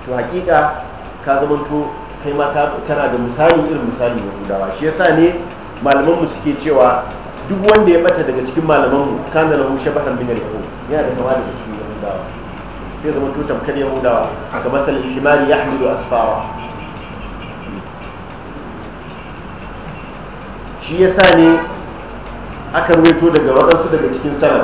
to haƙiƙa ka zamanto kai ma kana da misali irin misali na gudawa shi yasa ne malamanmu suke cewa duk wanda ya bata daga cikin malaman mu kana lahu shabahan min al-yahud yana da kama daga cikin yahudawa sai zama tutam kan yahudawa ka masal himari yahmilu asfara shi yasa ne aka ruwaito daga wadansu daga cikin sanar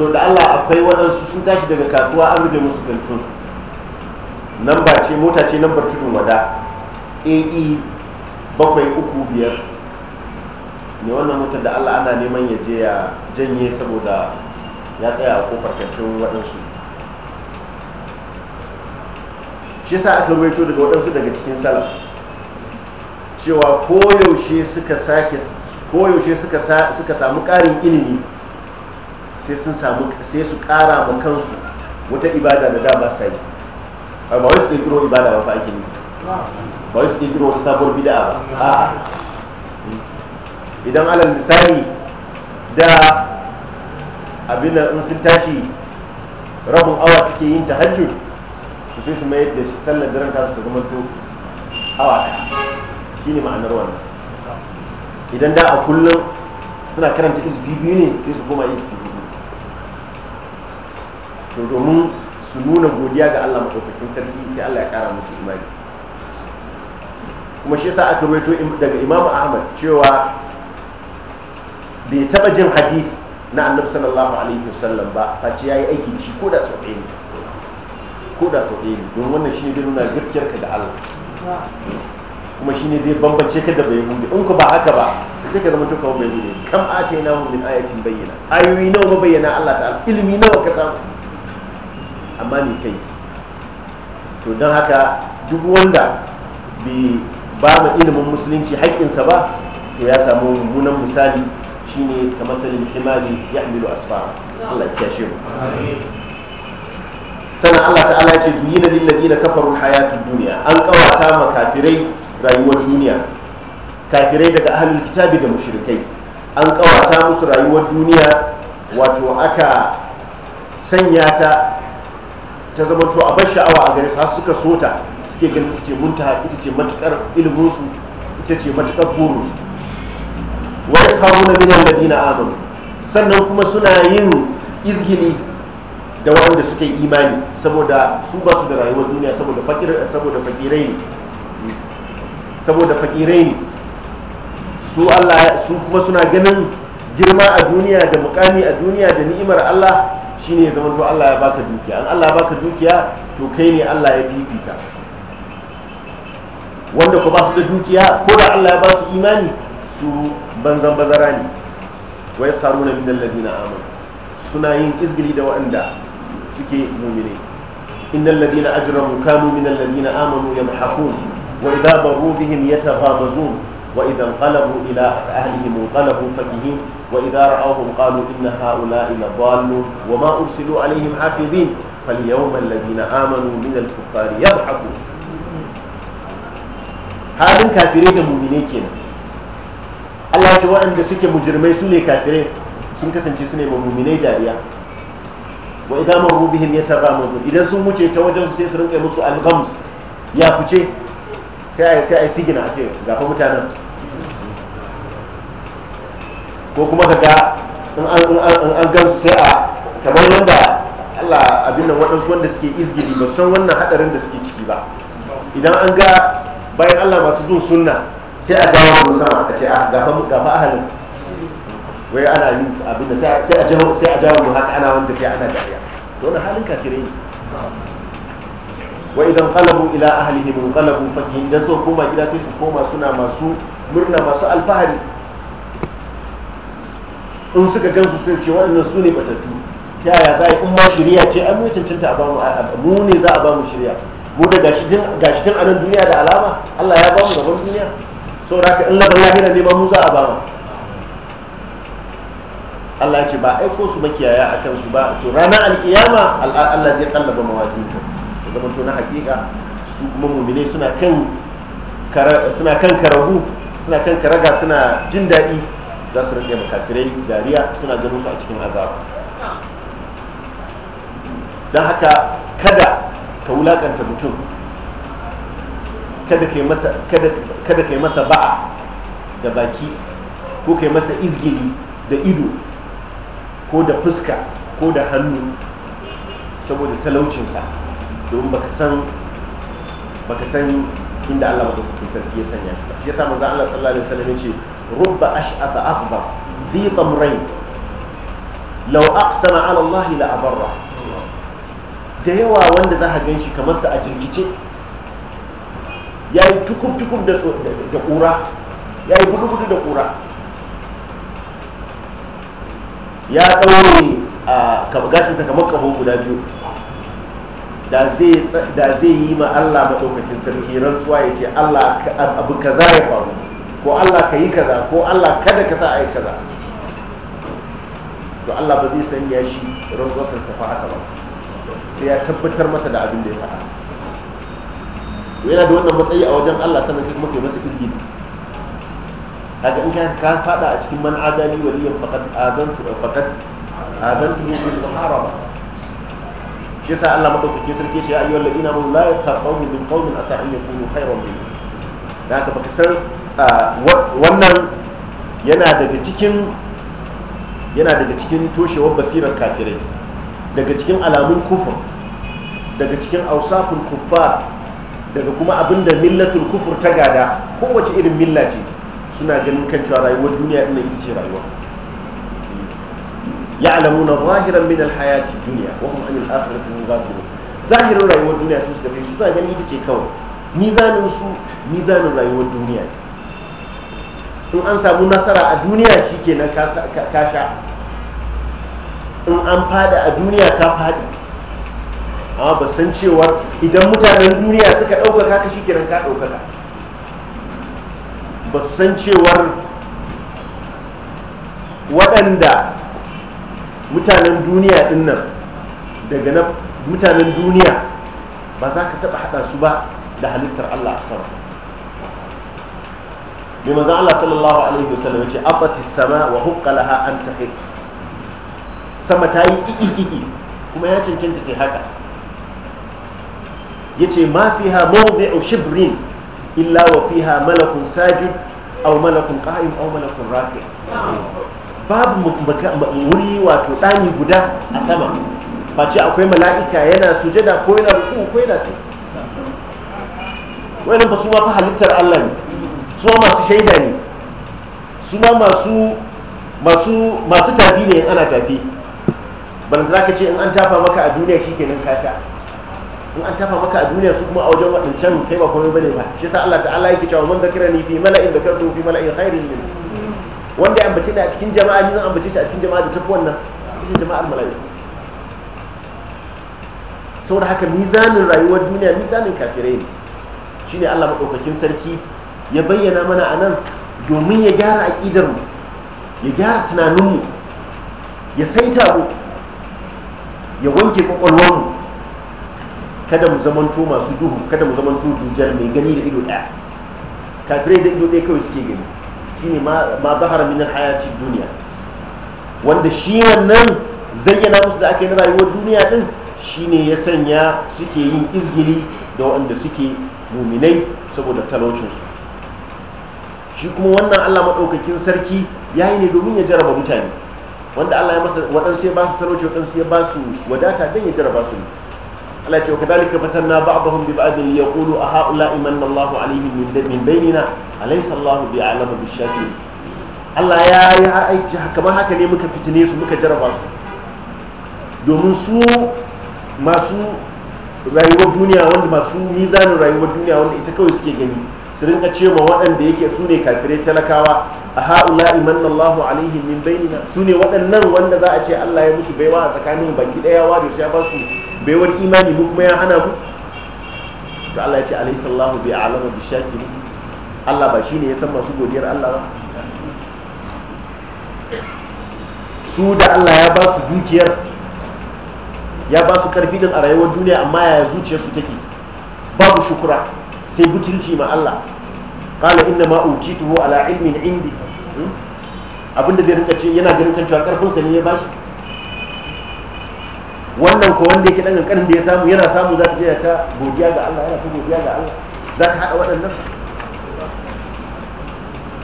to da Allah akwai wadansu sun tashi daga kasuwa an rufe musu kantin nan ba ce mota ce nan ba tudun wada ae bakwai uku biyar ne wannan motar da allah ana neman ya je ya janye saboda ya tsaya a kofar kantin waɗansu shi sa aka rubuto daga waɗansu daga cikin salaf cewa koyaushe suka sake koyaushe suka samu ƙarin ilimi sai sun samu sai su ƙara ma kansu wata ibada da dama sai ba wai su ibada ba fa ake nufi ba su kirkiro wata sabon bid'a ba a'a idan alal misali da abin da sun tashi rabin awa suke yin tahajjud su sai su mayar da sallar daren ta su zama to awa ɗaya shine ma'anar wannan idan da a kullum suna karanta izbi biyu ne sai su koma izbi biyu to domin su nuna godiya ga Allah maɗaukakin sarki sai Allah ya ƙara musu imani kuma shi sa aka rawaito daga imamu ahmad cewa bai taba jin hadith na annabi sallallahu alaihi wasallam ba face yayi aiki da shi ko da sau ɗaya ne ko da sau ɗaya ne don wannan shi ne zai nuna gaskiyar ka da Allah kuma shi ne zai bambance ka da bayahudi in ku ba haka ba sai ka zama bai bayahudi kam a ce na min ayatin bayyana ayoyi nawa ma bayyana Allah ta'ala ilimi nawa ka samu amma ni kai to don haka duk wanda bi ba mu ilimin musulunci haƙƙinsa ba to ya samu mummunan misali shine kamar talin himari ya hamilu asfara Allah ya kyashe mu sannan Allah ta'ala ya ce duyina lillazina kafaru hayatu duniya an kawata ma kafirai rayuwar duniya kafirai daga ahlul kitabi da mushrikai an kawata musu rayuwar duniya wato aka sanya ta ta zama to a bar sha'awa a gare su har suka sota suke ganin ita ce muntaha ita ce matukar iliminsu ita ce matukar burinsu na yakharuna da dina amanu sannan kuma suna yin izgini da wanda suke imani saboda su ba su da rayuwar duniya saboda fakir saboda fakirai ne saboda fakirai ne su Allah su kuma suna ganin girma a duniya da mukami a duniya da ni'imar Allah shine ya zama to Allah ya baka dukiya an Allah ya baka dukiya to kai ne Allah ya bibita wanda ku ba su da dukiya ko da Allah ya ba su imani su banzan bazara ne wa yaskaruna min alladhina amanu suna yin izgili da waɗanda suke mu'mini innal ladina ajramu kanu min alladhina amanu yamhakun wa idha baru bihim yataghabazun wa idha qalabu ila ahlihim inqalabu fakihin وإذا رأوهم inna ha'ula'i هؤلاء لضالون وما أرسلوا عليهم حافظين فاليوم الذين آمنوا من الكفار يضحكون halin kafirai da mumine kenan Allah ce waɗanda suke mujirmai su ne kafirai sun kasance su ne ma mummine dariya wa idan marru bihim yataramadu idan sun wuce ta wajen sai su rinka musu alghams ya fice sai a sai sigina a ce gafa mutanen ko kuma ga in an gansu sai a kamar yadda Allah abin nan waɗansu wanda suke izgiri ba san wannan hadarin da suke ciki ba idan an ga bayan Allah masu bin sunna sai a dawo da sama a ce a ah, gafa mu gafa ahalin wai ana yi abin da sai a jawo sai a jawo mu haka ana wanda ke ana dariya to wannan halin kafire ne wa idan qalabu ila ahlihim qalabu fakihin dan so koma gida sai su koma suna masu murna masu alfahari in suka gansu sai ce waɗannan su ne batattu ta yaya za a yi in ma shirya ce an mutuntunta a bamu mu ne za a bamu shirya mu da gashi tun a duniya da alama allah ya bamu gaban duniya so da in labar lahira ne neman mu za a ba Allah ce ba aiko su makiyaya a kansu ba to ranar alkiyama Allah zai kallaba mawazinka ta zama to na hakika su kuma mumine suna kan suna karahu suna kan karaga suna jin daɗi za su rage makafirai dariya suna ganin su a cikin azaba don haka kada ka wulakanta mutum kada kai masa masa ba'a da baki ko kai masa izgili da ido ko da fuska ko da hannu saboda talaucinsa domin baka san baka san inda Allah madaukakin sarki ya sanya shi ya sa manzo Allah sallallahu alaihi wasallam yace rubba ash'aba akbar dhi tamrayn law aqsama ala Allah la abarra da yawa wanda za a gan shi kamar sa a jirgice ya yi tukub-tukub da ƙura ya yi budu da ƙura ya ɗaure a kabgashinsa kamar ƙaho guda biyu da zai yi ma allah maɗaukakin sarki rantsuwa ya ce allah abu kaza ya faru ko allah ka yi kaza ko allah kada ka sa a yi kaza to allah ba zai sanya shi rantsuwa ta haka ba sai ya tabbatar masa da abin da ya faɗa yana da wannan matsayi a wajen Allah sannan kai kuma kai masa izini kaga in ka ka fada a cikin man adali ya faqad azantu faqad adantu bil muharaba shi yasa Allah madaukake sarki shi ayyuha alladina amanu la yaskhar qawmin min qawmin asa an yakunu khayran minhum da haka baka san wannan yana daga cikin yana daga cikin toshewar basirar kafirai daga cikin alamun kufur daga cikin ausafin kufa daga kuma abinda millatul kufur ta gada kowace irin milla ce suna ganin kan cewa rayuwar duniya ina ita ce rayuwa na zahiran min alhayati dunya wa hum anil akhirati hum ghafilun zahirin rayuwar duniya su suka sai suna ganin ita ce kawai mizanin su mizanin rayuwar duniya in an samu nasara a duniya shikenan ka sha in an fada a duniya ka fadi amma ba san cewa idan mutanen duniya suka ɗaukaka ka shikiran ka ɗaukaka ba su san cewar waɗanda mutanen duniya ɗin nan daga na mutanen duniya ba za ka taɓa haɗa su ba da halittar Allah a sama mai manzan Allah sallallahu alaihi wasallam ce abati sama wa hukkalaha an tafi sama ta yi ƙiƙiƙiƙi kuma ya cancanta ta haka ya ce ma fi ha mawuzi a shibrin illa wa fi ha malakun sajid au malakun qa'im au malakun rafi' babu wuri wato ɗani guda a sama ba ce akwai mala'ika yana sujada ko yana rufu ko yana sai wani ba su ma fa halittar Allah ne su ma masu shaida ne su ma masu masu masu tafi ne in ana tafi ban za ka ce in an tafa maka a duniya shikenan nan kata in an tafa maka a duniya su kuma a wajen waɗancan kai ba komai bane ba shi sa Allah ta'ala yake cewa man zakira ni fi mala'in zakartu fi mala'in khairin min wanda ya ambace ni a cikin jama'a ni zan ambace shi a cikin jama'a da tafi wannan cikin jama'ar mala'iku saboda haka mizanin rayuwar duniya mizanin kafirai ne shine Allah madaukakin sarki ya bayyana mana a nan domin ya gyara mu ya gyara tunaninmu ya saita mu ya wanke mu. kada mu zamanto masu duhu kada mu zamanto jujjar mai gani da ido daya kafirai da ido daya kawai suke gani shi ma ma zahara minar hayati duniya wanda shi wannan zayyana musu da ake na rayuwar duniya din shi ne ya sanya suke yin izgili da waɗanda suke muminai saboda talaucinsu shi kuma wannan allah maɗaukakin sarki ya yi ne domin ya jaraba mutane wanda allah ya masa waɗansu ya ba su talauci waɗansu ya ba su wadata don ya jaraba su ne Allah ce kadalika fatanna ba'dahum bi ba'din yaqulu a ha'ula imanna Allahu min min bainina alaysa Allahu Allah ya yi aiki kamar haka ne muka fitine su muka jarraba su domin su masu rayuwar duniya wanda masu mizanin rayuwar duniya wanda ita kawai suke gani su rinka ce ma waɗanda yake su ne kafirai talakawa a ha'ula imanna Allahu alaihim min bainina su ne waɗannan wanda za a ce Allah ya musu baiwa a tsakanin baki ɗaya wa da ya ba su baiwar imani mu kuma ya hana ku to Allah ya ce alayhi sallahu bi alama bi shakiri Allah ba shine ya san masu godiyar Allah ba su da Allah ya ba su dukiyar ya ba su karfi din a rayuwar duniya amma ya zuciyar su take babu shukura sai butulci ma Allah qala inna ma ala ilmin indi hmm? abinda zai rinka ce yana ganin kan cewa karfin sa ne ya bashi wannan ko wanda yake dan kankanin da ya samu yana samu za ta je ta godiya ga Allah yana ta godiya ga Allah za ta hada waɗannan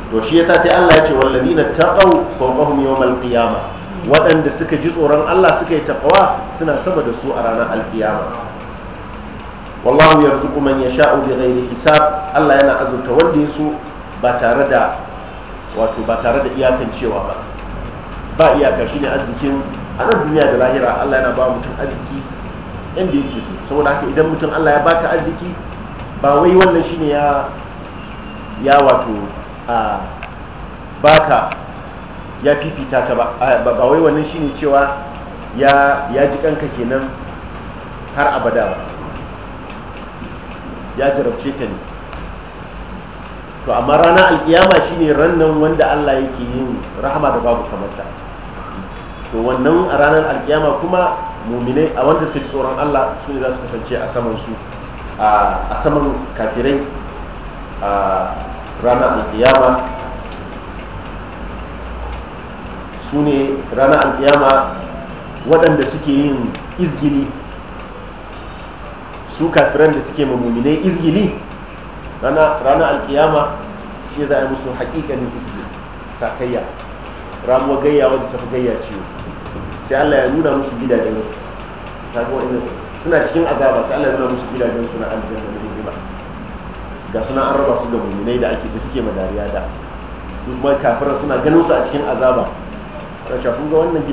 to shi yasa sai Allah ya ce wallazina taqaw fawqahum al qiyamah waɗanda suka ji tsoron Allah suka yi taqwa suna sama da su a ranar al-qiyamah wallahu yarzuqu man yasha'u bighairi hisab Allah yana azurta wanda yaso ba tare da wato ba tare da iyakan ba ba iyaka shine arzikin a duniya da lahira Allah yana ba mutum arziki yadda yake so saboda haka idan mutum Allah ya baka arziki ba wai wannan shine ya ya wato a baka ya fifita ka ba ba wai wannan shine cewa ya ji kanka kenan har abada ba ya jarabce ka ne to amma ranar alkiyama shine rannan wanda Allah yake yin rahama da babu kamarta to wannan a ranar alkiyama kuma mumine a wanda suke tsoron Allah su ne za su kasance a saman su a saman kafirai a ranar alkiyama su ne ranar alkiyama waɗanda suke yin izgili su kafiran da suke muminai izgili ranar alkiyama shi za a yi musu haƙiƙanin izgili sakayya ramuwa gayya wadda ta fi gayya ciwo sai Allah ya nuna musu gidajen ta ga wani suna cikin azaba sai Allah ya nuna musu gidajen suna aljanna da rigima ga suna an raba su ga mummunai da ake da suke madariya da su kuma kafiran suna ganin su a cikin azaba ana shafin ga wannan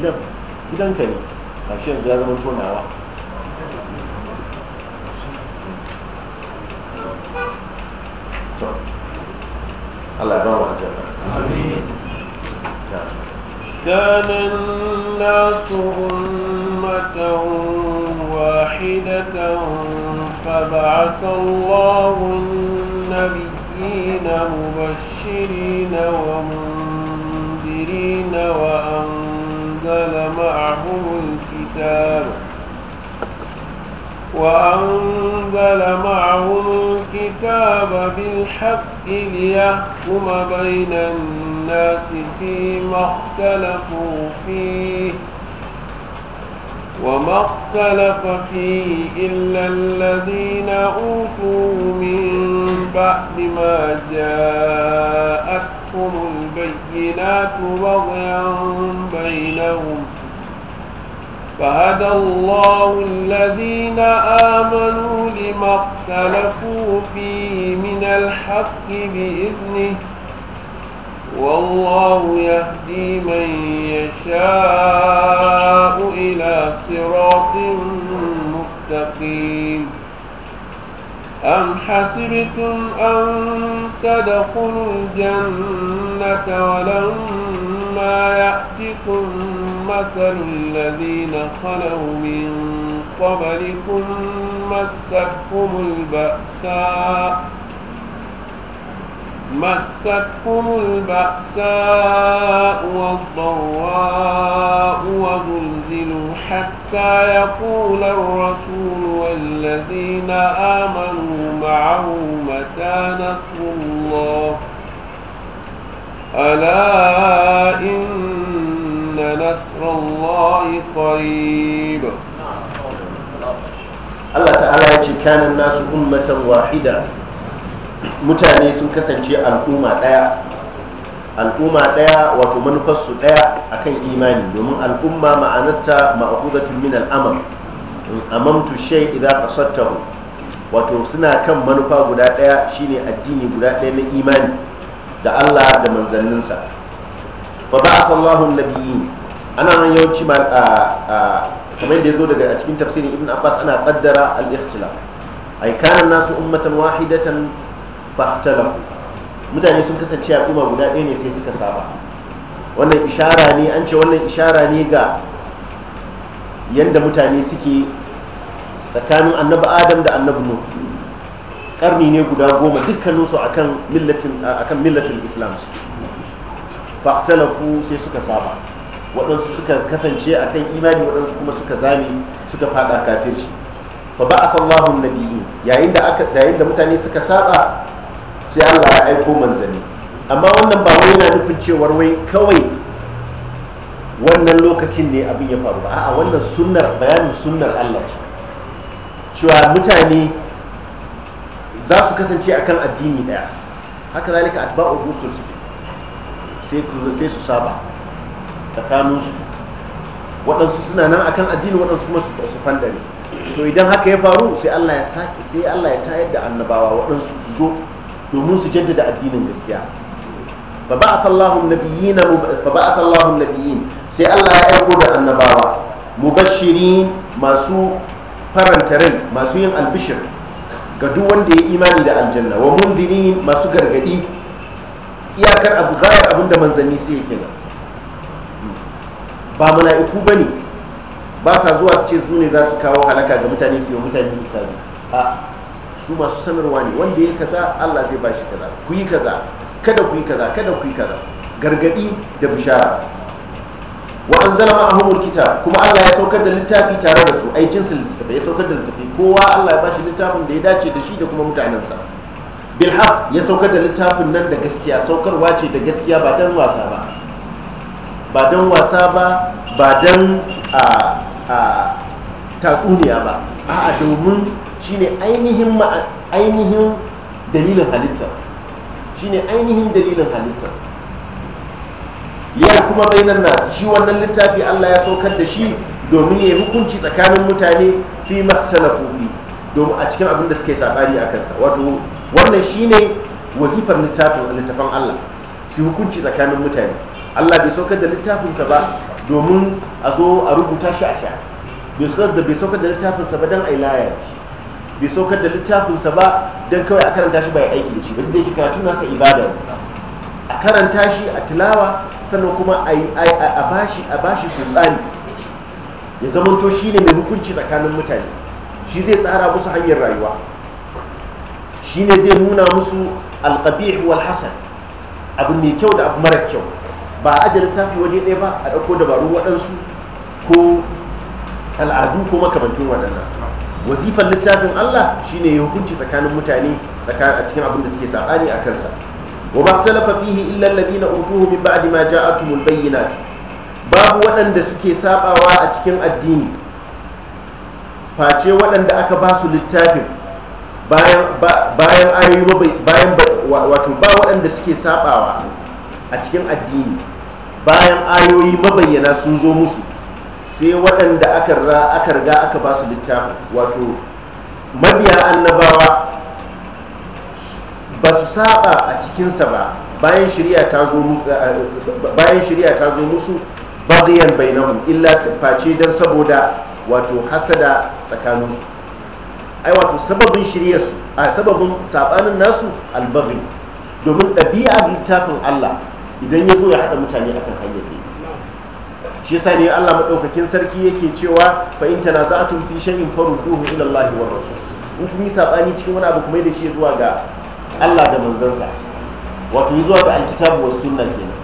gidan ka ne kashi yanzu ya zama tonawa Allah ya ba mu aljanna amin كان الناس أمة واحدة فبعث الله النبيين مبشرين ومنذرين وأنزل معهم الكتاب وأنزل معهم الكتاب بالحق ليحكم بين الناس الناس فيما اختلفوا فيه وما اختلف فيه إلا الذين أوتوا من بعد ما جاءتهم البينات بغيا بينهم فهدى الله الذين آمنوا لما اختلفوا فيه من الحق بإذنه والله يهدي من يشاء إلى صراط مستقيم أم حسبتم أن تدخلوا الجنة ولما يأتكم مثل الذين خلوا من قبلكم مستكم البأساء مستهم البأساء والضراء وزلزلوا حتى يقول الرسول والذين آمنوا معه متى نصر الله ألا إن نصر الله قريب الله تعالى كان الناس أمة واحدة mutane sun kasance al'umma ɗaya al'umma ɗaya wato manufarsu ɗaya akan imani domin al'umma ma'anarta ma'akudatun min al'amam amamtu shay idza qasadtahu wato suna kan manufa guda ɗaya shine addini guda ɗaya na imani da Allah da manzanninsa ba a Allahu nabiyyin ana nan yawanci ma kamar da ya zo daga cikin tafsirin Ibn Abbas ana kaddara al-ikhtilaf ay kana nasu ummatan wahidatan fahtalafu mutane sun kasance al'umma guda ɗaya ne sai suka saba wannan ishara ne an ce wannan ishara ne ga yadda mutane suke tsakanin annabi adam da annabi nuh karni ne guda goma dukkaninsu akan millatin akan millatin islam su fahtalafu sai suka saba waɗansu suka kasance a kan imani waɗansu kuma suka zame suka fada kafirci fa ba a kan wahun da yayin da mutane suka saba sai Allah ya aiko manzanni amma wannan ba wai yana nufin cewar wai kawai wannan lokacin ne abin ya faru ba a'a wannan sunnar bayanin sunnar Allah ce cewa mutane za su kasance akan addini daya haka zalika atba'u rusul sai sai su saba tsakanin su waɗansu suna nan akan addini waɗansu kuma su fandare to idan haka ya faru sai Allah ya sake sai Allah ya tayar da annabawa waɗansu su zo domin su jaddada addinin gaskiya fa ba'atha Allahu nabiyyin fa ba'atha Allahu nabiyyin sai Allah ya aiko da annabawa mubashirin masu faranta rai masu yin albishir ga duk wanda ya imani da aljanna wa mundirin masu gargadi iyakar abu gayar abin da manzanni sai yake nan ba mala'iku bane ba sa zuwa cikin ce su ne za su kawo halaka ga mutane su yi mutane misali a su masu sanarwa ne wanda ya kaza Allah zai bashi kaza ku yi kaza kada ku yi kaza kada ku yi kaza gargadi da bishara wa anzala ma'ahum kuma Allah ya saukar da littafi tare da su ai jinsin littafi ya saukar da littafi kowa Allah ya bashi littafin da ya dace da shi da kuma mutanensa bil ya saukar da littafin nan da gaskiya saukarwa ce da gaskiya ba dan wasa ba ba dan wasa ba ba dan a tatsuniya ba a'a domin shine ainihin ainihin dalilin halitta shine ainihin dalilin halitta ya kuma bainar na shi wannan littafi Allah ya saukar da shi domin ya hukunci tsakanin mutane fi mahtalafu fi domin a cikin abin da suke sabari a kansa wato wannan shine wazifar littafin Allah shi hukunci tsakanin mutane Allah bai saukar da littafinsa ba domin a zo a rubuta shi a sha bai saukar da littafinsa ba don a yi laya shi bai saukar da littafinsa ba don kawai a karanta shi bai aiki da shi ba da yake karatu nasa ibada a karanta shi a tilawa sannan kuma a bashi a bashi sultani ya zamanto shi ne mai hukunci tsakanin mutane shi zai tsara musu hanyar rayuwa shi ne zai nuna musu alƙabih wal hasan abu mai kyau da abu mara kyau ba a ajiye littafi waje ɗaya ba a ɗauko dabaru waɗansu ko al'adu ko makamantun waɗannan wazifar littafin Allah shine ya hukunci tsakanin mutane a cikin abin da suke sabani a kansa wa ba lafa fihi illa alladhina utuhu min ba'di ma ja'atuhumul bayyinat babu waɗanda suke sabawa a cikin addini face waɗanda aka ba su littafin bayan bayan ayoyi bayan wato ba waɗanda suke sabawa a cikin addini bayan ayoyi mabayyana sun zo musu sai waɗanda aka riga aka ba su littafin wato mabiya annabawa ba su saba a cikinsa ba bayan shirya eh, eh, ta zo musu bai bainahum illa face don saboda wato hasada tsakaninsu ai wato sababin shiryarsu a sababin sabanin nasu albaghi domin ɗabi'ar littafin Allah idan ya zo ya haɗa mutane akan hanyar shi yasa ne Allah madaukakin sarki yake cewa fa in tanaza'tum fi shay'in farudduhu ila Allah wa rasul in kun yi sabani cikin wani abu kuma da shi zuwa ga Allah da manzansa wato yi zuwa ga alkitabu wa sunna kenan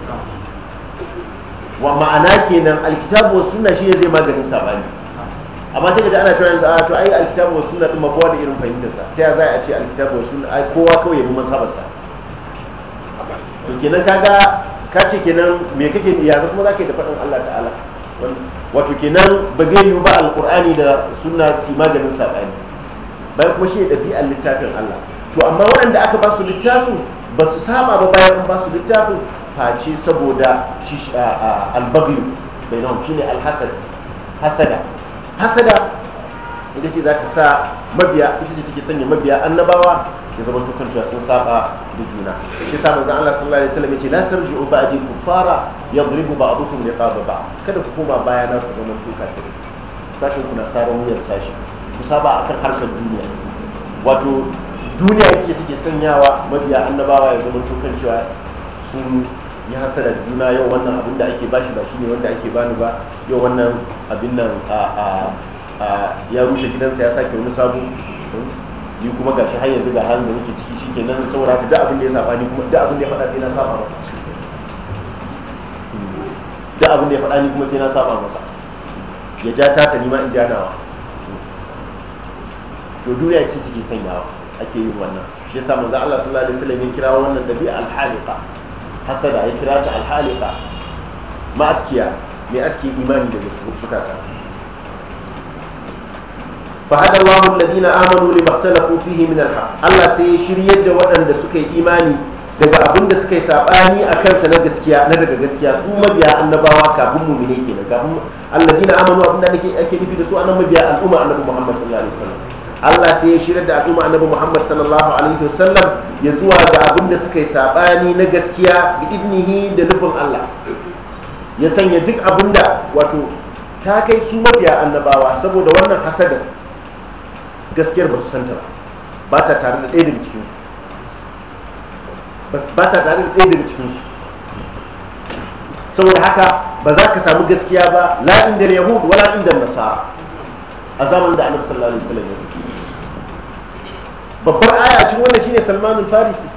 wa ma'ana kenan alkitabu wa sunna ne zai maganin sabani amma sai da ana cewa yanzu a ah, to ai alkitabu wa sunna din ma kowa da irin fahimtarsa ta ya za a ce alkitabu wa sunna ai kowa kawai ya bi sa to kenan kaga ka ce kenan me kake ya kuma zaka da faɗin Allah ta'ala wato kenan ba zai yi ba alqur'ani da sunna su maganin sabani bayan kuma shi ne ɗabi'ar littafin Allah to amma waɗanda aka ba su littafin ba su saba ba bayan an ba su littafin face saboda albagyu bai nan shi ne alhasad hasada hasada ita ce za ta sa mabiya ita ce take sanya mabiya annabawa ya zama tukan cewa sun saba da juna shi sa manzon Allah sallallahu alaihi wasallam yace la tarji'u ba'di kuffara yadribu ba'dukum liqaba ba kada ku koma baya na ku zama tuka tare sashin ku na saran wuyar sashi ku saba akan harkar duniya wato duniya ce take sanyawa mabiya annabawa ya zama tukan cewa sun yi da juna yau wannan abin da ake bashi ba shine wanda ake bani ba yau wannan abin nan a ya rushe gidansa ya sake wani sabo ni kuma gashi har yanzu ga halin da nake ciki shikenan saboda haka duk abin da ya saba ni kuma duk abin da ya faɗa sai na saba masa duk abin da ya faɗa ni kuma sai na saba masa ya ja ta ni ma in ja nawa to duniya ce take sanyawa ake yin wannan shi yasa manzo Allah sallallahu alaihi wasallam ya kira wannan dabi'a al-haliqa hasada ya kira ta al-haliqa ma askiya mai aski imani da zukata فهدى الله الذين آمنوا لما اختلفوا فيه من الحق الله سيشري يد وأن سكي إيماني daga abin da suka yi sabani a kansa na gaskiya na daga gaskiya su mabiya annabawa kafin mu ne kenan kafin alladina amanu abin nake ake nufi da su annan mabiya al'umma annabi Muhammad sallallahu alaihi wasallam Allah sai ya shirya da al'umma annabi Muhammad sallallahu alaihi wasallam ya zuwa ga abin da suka yi sabani na gaskiya bi idnihi da nufin Allah ya sanya duk abin da wato ta kai su mabiya annabawa saboda wannan hasadan. gaskiyar ba su santa ba ba ta tare da ɗaya daga cikin su ba ta tare da ɗaya daga cikin su saboda haka ba za ka samu gaskiya ba la inda yahud wala inda nasara a zamanin da annabi sallallahu alaihi wasallam babbar aya a cikin wannan shine salmanul farisi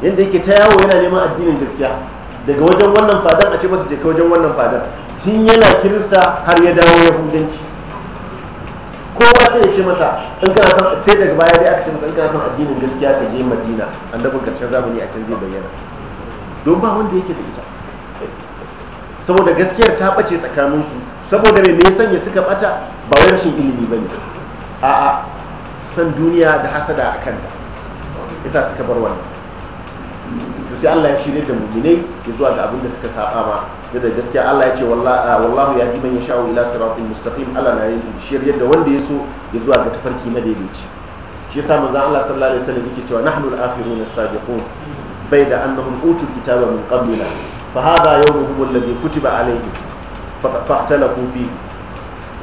yanda yake ta yawo yana neman addinin gaskiya daga wajen wannan fadan a ce masa je ka wajen wannan fadan tun yana kirista har ya dawo yahudanci kowa sai ya ce masa in kana son sai daga baya dai aka ce masa in kana son addinin gaskiya ka je madina annabin karshen zamani a can zai bayyana don ba wanda yake da ita saboda gaskiyar ta bace tsakaninsu saboda mai me sanya suka bata ba wai rashin ilimi ba ne a'a san duniya da hasada a kanta isa suka bar wannan to sai Allah ya shirye da mu'minai ya zuwa ga abin da suka saba ma da da gaskiya Allah ya ce ah, wallahu ya ji man ya sha'u ila siratin mustaqim Allah na yin shiyar yadda wanda ya so ya zuwa ga tafarki madaidaici shi yasa manzon Allah sallallahu alaihi wasallam yake cewa nahnu al-akhirun as-sabiqun bai da annahum utul kitaba min qablina fa hadha yawmuhum alladhi kutiba alayhim fa'talafu fi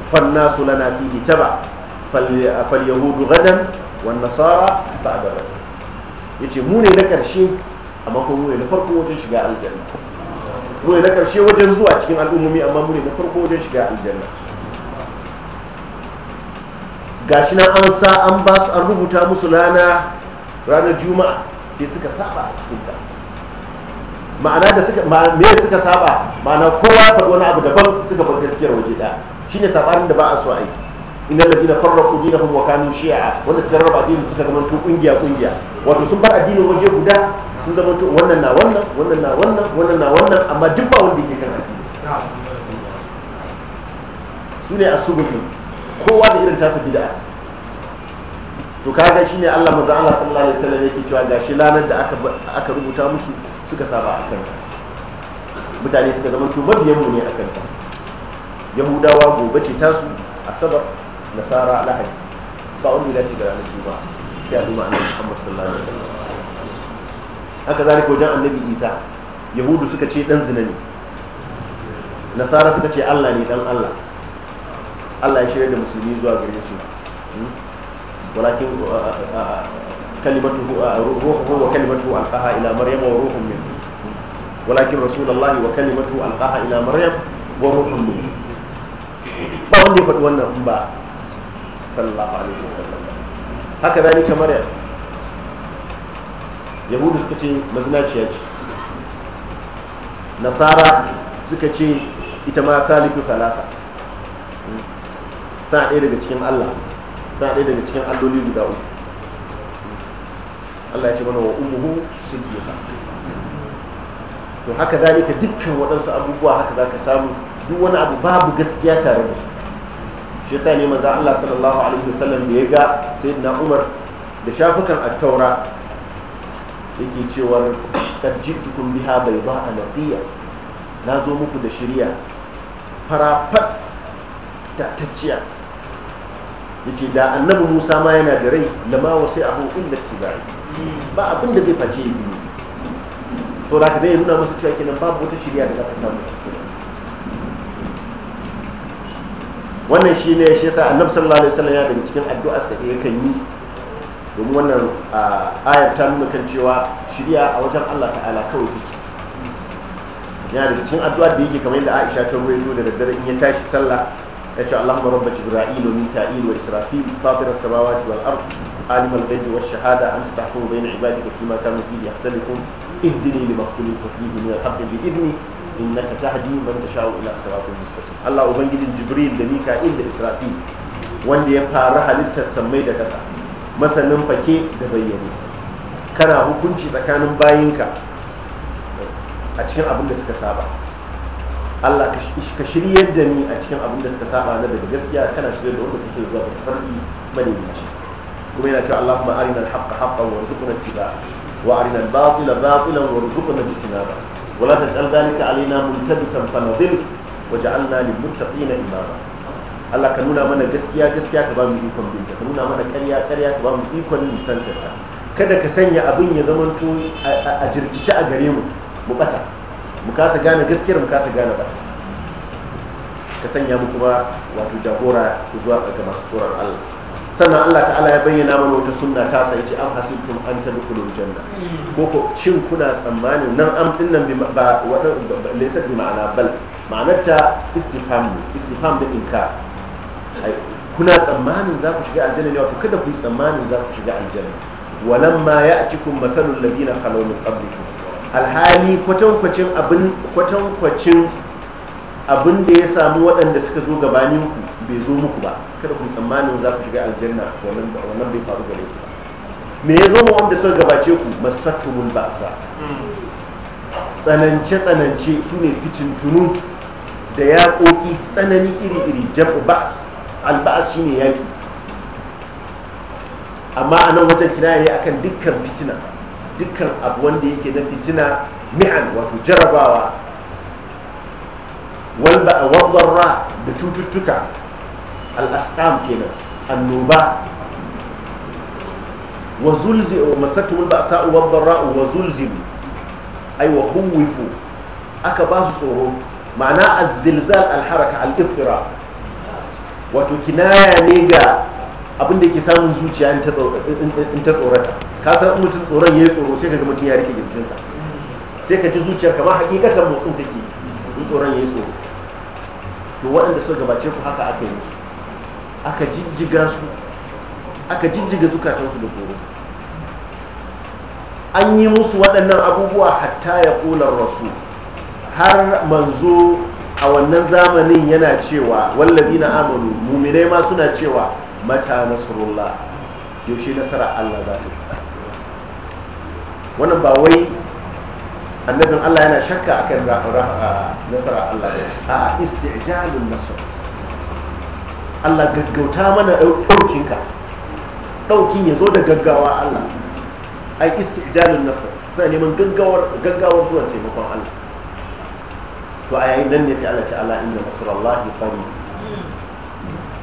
فالناس لنا فيه تبع فاليهود غدا والنصارى بعد غد yace mu ne na karshe amma ko mu ne na farko wajen shiga aljanna mu na karshe wajen zuwa cikin al'ummomi amma mu ne na farko wajen shiga aljanna gashi nan an sa an ba su an rubuta musu rana ranar juma'a sai suka saba a cikin ta ma'ana da suka me suka saba ma'ana kowa ya wani abu daban suka bar gaskiyar waje ɗaya shine sabanin da ba a so aiki inna alladhina farraqu dinahum wa kanu shi'a wanda suka raba addini suka zama to kungiya kungiya wato sun bar addini waje guda sun zama to wannan na wannan wannan na wannan wannan na wannan amma duk ba wanda yake kan addini su ne asubul kowa da irin tasa bid'a to kaga shine Allah manzo Allah sallallahu alaihi wasallam yake cewa gashi lanar da aka aka rubuta musu suka saba akan ta mutane suka zama to mabiyan mu ne akan ta yahudawa gobe ce tasu asabar nasara lahadi ba wanda ya dace da ranar juma'a sai a duba annabi muhammad sallallahu alaihi wasallam haka zalika wajen annabi isa yahudu suka ce dan zina ne nasara suka ce allah ne dan allah allah ya shirya da musulmi zuwa gare su hmm? walakin uh, uh, uh, kalimatuhu ruhu wa kalimatuhu alqaha ila maryam wa ruhun min walakin rasulullahi wa kalimatuhu alqaha ila maryam wa ruhun min ba wanda ya faɗi wannan ba sallallahu alaihi wasallam haka zalika maryam yahudu suka ce mazinaciya ce nasara suka ce ita ma salifu talata ta ɗaya daga cikin allah ta ɗaya daga cikin alloli guda uku allah ya ce mana wa umuhu siddiqa to haka ka dukkan waɗansu abubuwa haka za ka samu duk wani abu babu gaskiya tare da su shi sa ne manzo Allah sallallahu alaihi wasallam da ya ga sayyidina Umar da shafukan at-taura yake cewar qad biha bayda alaqiya na zo muku da shari'a farafat ta tacciya yace da annabi Musa ma yana da rai wasai abu illa tibai ba abin da zai face yi to da ka dai nuna musu cewa kenan babu wata shari'a da za ta samu wannan shi ne shi yasa annabi sallallahu alaihi wasallam ya daga cikin addu'ar sa da yakan yi domin wannan ayar ta nuna kan cewa shirya a wajen Allah ta'ala kawai take yana daga cikin addu'ar da yake kamar yadda Aisha ta ruwaito da daddare in ya tashi sallah ya ce Allahumma rabba Jibril wa Mika'il wa Israfil fatir as-samawati wal ard عالم الغيب والشهادة أنت تحكم بين عبادك فيما كانوا فيه يختلفون اهدني لما اختلفت فيه من الحق بإذني innaka tahdi man tasha'u ila siratin mustaqim Allah ubangijin Jibril da Mika'il da Israfil wanda ya fara halittar sammai da ƙasa masanin fake da bayyane kana hukunci tsakanin bayinka a cikin abin da suka saba Allah ka shiryar da ni a cikin abin da suka saba na daga gaskiya kana shirya da wanda kake zuwa ga farki madaidaici kuma yana cewa Allahumma arina al-haqqa haqqan warzuqna ittiba'a wa arina al-batila batilan warzuqna ijtinaba ولا تجعل ذلك علينا ملتبسا فنضل وجعلنا للمتقين إماما Allah ka nuna mana gaskiya gaskiya ka ba mu ikon binta ka nuna mana karya-karya ka ba mu ikon nisantar ta kada ka sanya abin ya zamanto a jirgice a gare mu mu bata mu kasa gane gaskiyar mu kasa gane bata ka sanya mu kuma wato jagora zuwa ga masu tsoron Allah sannan Allah ta'ala ya bayyana mana wata sunna ta sai ce am hasibtum an tadkhulul janna ko ko shin kuna tsammanin nan an din nan ba wadan laysa bi ma'ana bal ma'anar ta istifham istifham da inkar kuna tsammanin za ku shiga aljanna ne wato kada ku yi tsammanin za ku shiga aljanna walamma ya'tikum mathalul ladina khalaw min qablikum alhali kwatankwacin abin kwatankwacin abin da ya samu waɗanda suka zo gabanin ku bai zo muku ba kada ku tsammanin za ku shiga aljanna wannan bai faru gare ku me ya zo wanda suka gabace ku masattumul ba'sa tsanance tsanance su ne fitintunu da yaƙoƙi tsanani iri iri jabu ba'as alba'as shine yaƙi amma a nan wajen kinaya akan dukkan fitina dukkan abu wanda yake na fitina mi'an wato jarabawa walba wadarra da cututtuka al-asqam kenan annoba wa zulzilu masatuhul ba'sa wa darra wa zulzi ay wa khuwifu aka ba su tsoro ma'ana az-zilzal al-haraka al wato kinaya ne ga abin da ke samun zuciya in ta tsorata ka san mutum tsoron ya yi tsoro sai ka ga mutum ya rike sa, sai ka ji zuciyar kamar hakikatar motsin take in tsoron ya yi tsoro to waɗanda suka gabace ku haka aka yi aka jijjiga su aka jijjiga zukatansu da tsoro an yi musu waɗannan abubuwa hatta ya ƙular rasu har manzo a wannan zamanin yana cewa wallabi na amalu muminai ma suna cewa mata nasarullah yaushe nasara allah za ta wannan ba wai annabin Allah yana shakka akan nasara Allah ya a isti'jalun nasar Allah gaggauta mana ɗaukin ka ɗaukin ya zo da gaggawa Allah a isti'jalun nasar suna neman gaggawar gaggawar zuwa taimakon Allah to a yayin nan ne sai Allah ce Allah inna nasrallahi qarib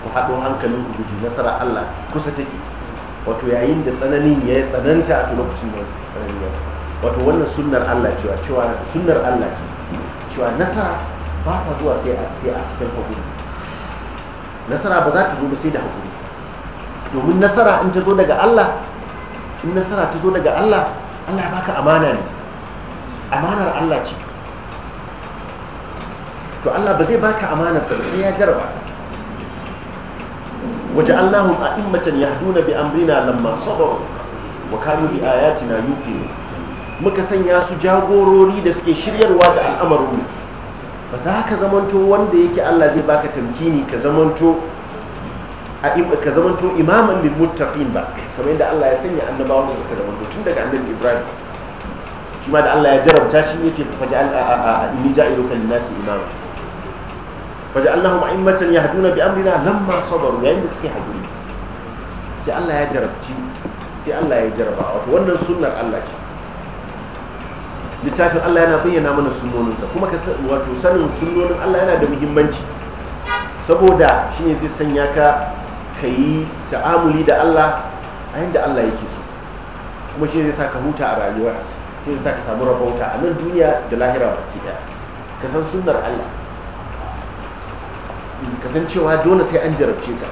ku haɗo hankalin ku guji nasara Allah kusa take wato yayin da tsananin ya tsananta a lokacin da tsananin ya wato wannan sunnar Allah cewa cewa sunnar Allah ce cewa nasara ba ta zuwa sai a sai a cikin hakuri nasara ba za ta zo sai da hakuri domin nasara in ta zo daga Allah in nasara ta zo daga Allah Allah baka amana ne amanar Allah ce to Allah ba zai baka amanar sa sai ya jarba وجعلناهم أئمة يهدون بأمرنا لما صبروا وكانوا بآياتنا يوقنون muka sanya su jagorori da suke shiryarwa da al'amarin ba za ka zamanto wanda yake Allah zai baka tamkini ka zamanto ka zamanto imaman lil muttaqin ba kamar yadda Allah ya sanya annabawa da ka zamanto tun daga annabi Ibrahim shi ma da Allah ya jarabta shi ce faja a inni ja'iluka lin-nasi imama fa ja'alnahum a'immatan yahduna bi amrina lamma sabaru yayin da suke hakuri sai Allah ya jarabci sai Allah ya jaraba wato wannan sunnar Allah ce littafin Allah yana bayyana mana sunnoninsa kuma ka wato sanin sunnonin Allah yana da muhimmanci saboda shine zai sanya ka ka yi ta'amuli da Allah a yadda Allah yake so kuma shi zai sa ka huta a rayuwa shi zai sa ka samu rabauta a nan duniya da lahira baki daya ka san sunnar Allah ka san cewa dole sai an jarabce ka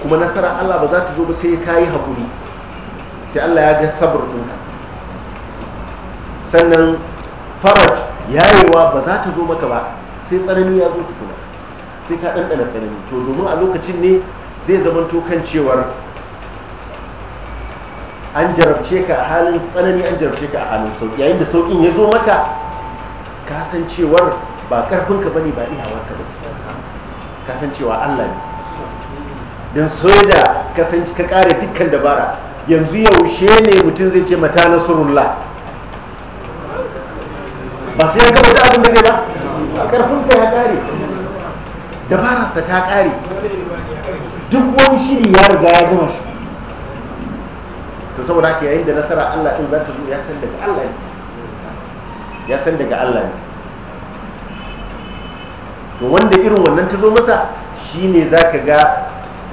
kuma nasara Allah ba za ta zo ba sai ka yi haƙuri sai Allah ya ga sabar ɗinka sannan faraj yayewa ba za ta zo maka ba sai tsanani ya zo tukuna sai ka ɗanɗana tsanani to domin a lokacin ne zai zamanto kan cewar an jarabce ka a halin tsanani an jarabce ka a halin sauƙi yayin da sauƙin ya zo maka ka san cewar ba ƙarfinka ba ne ba iyawar ka ba ka san cewa allah ne don sai da ka kare dukkan dabara yanzu yaushe ne mutum zai ce mata nasarullah ba su ya gaba da abin da zai ba sai ya kare dabararsa ta kare duk wani shiri ya riga ya gama shi to saboda haka yayin da nasara Allah din za ta zo ya san daga Allah ne ya san daga Allah ne to wanda irin wannan ta zo masa shine zaka ga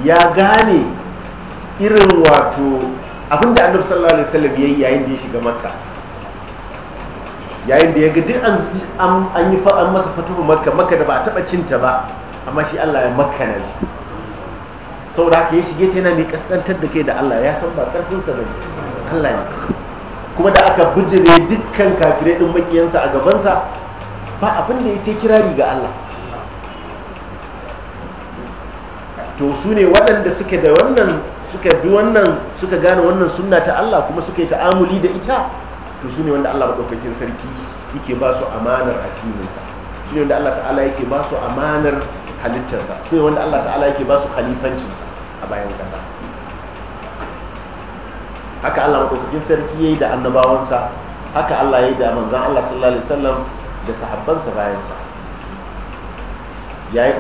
ya gane irin wato abinda annabi sallallahu alaihi wasallam yayin da ya shiga makka yayin da ya ga duk an yi fa’an masa fatuhu makka makka da ba a taba cinta ba amma shi Allah ya makkana shi saboda haka ya shige ta yana mai kaskantar da kai da Allah ya san ba karfin sa Allah ne kuma da aka bijire dukkan kafirai din makiyansa a gabansa ba abin da ya sai kirari ga Allah to su ne waɗanda suke da wannan suka bi wannan suka gane wannan sunna ta Allah kuma suka yi ta'amuli da ita to su ne wanda Allah maɗaukakin sarki yake ba su amanar su ne wanda Allah ta'ala yake ba su amanar halittarsa su ne wanda Allah ta'ala yake ba su halifancinsa a bayan ƙasa haka Allah maɗaukakin sarki ya yi da annabawansa haka Allah ya yi da manzan Allah sallallahu alaihi wasallam da sahabbansa bayansa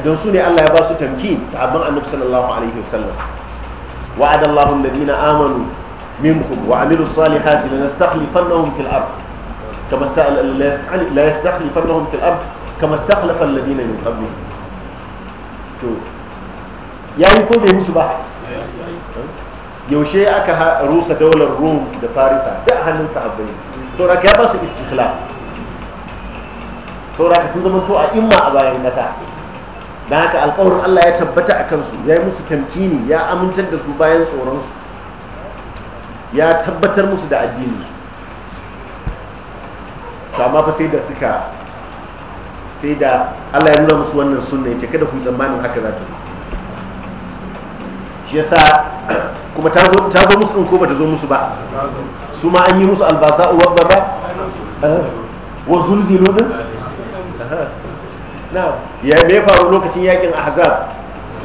don su ne Allah ya ba su tamkin sahabban annabi sallallahu alaihi wasallam wa'adallahu alladhina amanu منكم وعملوا الصالحات لنستخلفنهم في الأرض كما لا يستخلفنهم في الأرض كما استخلف الذين من قبلهم ya yi ko bai musu ba yaushe aka rusa daular rom da farisa da hannun sahabbai to da ya ba su istiklal to sun zama to a imma a bayan kasa dan haka Allah ya tabbata a kansu ya yi musu tamkini ya amintar da su bayan tsoron su ya tabbatar musu da addini to amma fa sai da suka sai da Allah ya nuna musu wannan sunna yace kada ku yi tsammanin haka za ta yi shi yasa *clears throat* kuma ta zo musu din ko bata zo musu ba su ma an yi musu albasa uwar barra wa zulzilu din na ya me faru lokacin yakin ahzab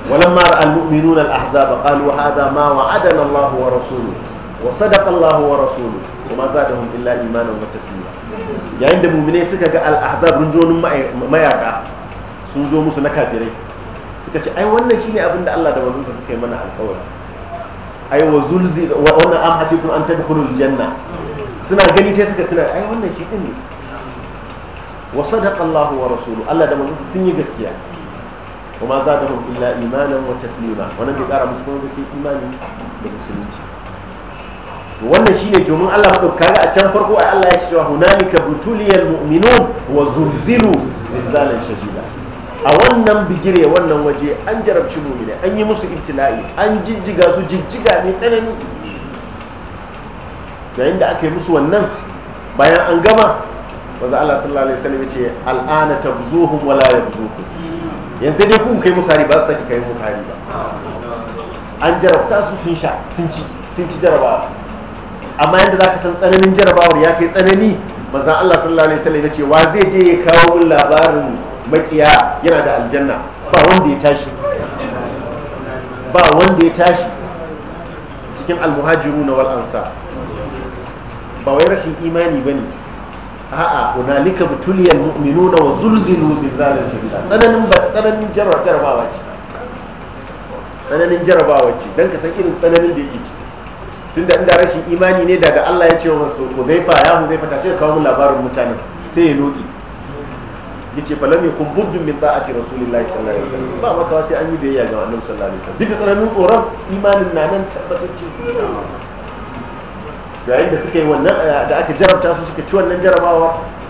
ولما راى المؤمنون الاحزاب قالوا هذا ما وعدنا الله rasuluhu. wa sadaqa Allah wa rasuluhu kuma zadahum illa imanan wa taslima yayin da mu'mine suka ga al-ahzab rundunonin mayaka sun zo musu na suka wannan shine abin da Allah da manzonsa suka yi mana alƙawari ai wa wa wannan am hasikum an tadkhulul janna suna gani sai suka tuna ai wannan shi ne wa sadaqa wa rasuluhu Allah da manzonsa sun yi gaskiya وما زادهم الا ايمانا وتسليما ونبي قال مسلمون بس ايماني بمسلمين wannan shine domin Allah ku kaga a can farko ai Allah ya ce hunalika butuliyal mu'minun wa zulzilu zilzalan shadida a wannan bigire wannan waje an jarabci mu'mina an yi musu ibtila'i an jijjiga su jijjiga ne tsanani Da da aka yi musu wannan bayan an gama wanda Allah sallallahu alaihi wasallam ce al'ana tabzuhum wa la yabzuhum yanzu dai ku kai musu hari ba su saki kai musu hari ba an jarabta su sun sha sun ci sun ci jarabawa amma yadda za ka san tsananin jarabawar ya kai tsanani manzan Allah sallallahu alaihi wasallam ya ce wa zai je ya kawo min labarin makiya yana da aljanna ba wanda ya tashi ba wanda ya tashi cikin almuhajiru na wal ansa ba wai rashin imani bane a'a hunalika butuliyal mu'minuna wa zulzilu zilzalan shadida tsananin ba tsananin jarabawa ce tsananin jarabawa ce dan ka san irin tsananin da yake ciki tunda inda rashin imani ne daga Allah ya ce wa masu hudaifa ya hudaifa ta shi mun labarin mutane sai ya loki yace fa lam yakun buddun min ta'ati rasulillahi sallallahu alaihi wasallam ba maka sai an yi biyayya ga annabi sallallahu alaihi wasallam duka tsaranin tsoron imanin na nan ce yayin da suka yi wannan eh, da aka jarabta su suka ci wannan jarabawa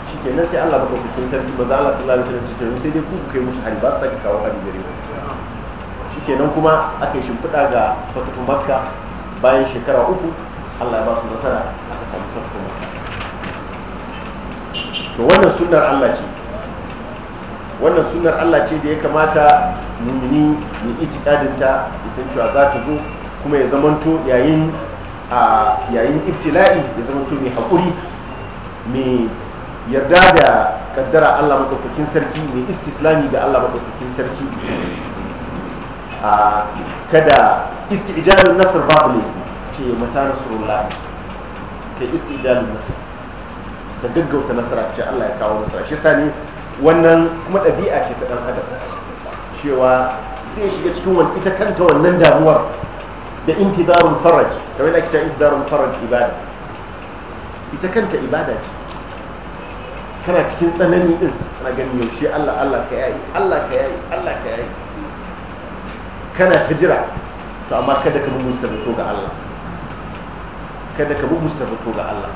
shikenan sai Allah baka hukun sarki za Allah sallallahu alaihi wasallam sai dai ku kai musu hari ba su sake kawo hari gare su shikenan kuma aka yi shimfiɗa ga fatahun makka bayan shekara uku Allah ya ba su nasara aka samu fatko to wannan sunnar Allah ce wannan sunnar Allah ce da ya kamata mumini ya itikadin ta isan cewa za ta zo kuma ya zamanto yayin a yayin iftila'i ya zamanto mai haƙuri mai yarda da kaddara Allah maɗaukakin sarki mai istislami ga Allah maɗaukakin sarki a kada istijalun nasr babu ke ce mata nasrullah kai istijalun nasr da gaggauta nasara ce Allah ya kawo nasara shi sani wannan kuma ɗabi'a ce ta ɗan adam cewa zai shiga cikin wani ita kanta wannan damuwar da intidarun faraj kamar yadda kita intidarun faraj ibada ita kanta ibada ce kana cikin tsanani din kana ganin yaushe Allah Allah ka yayi Allah ka yayi Allah ka yayi kana ta jira to amma kada ka bi to ga Allah kada ka bi to ga Allah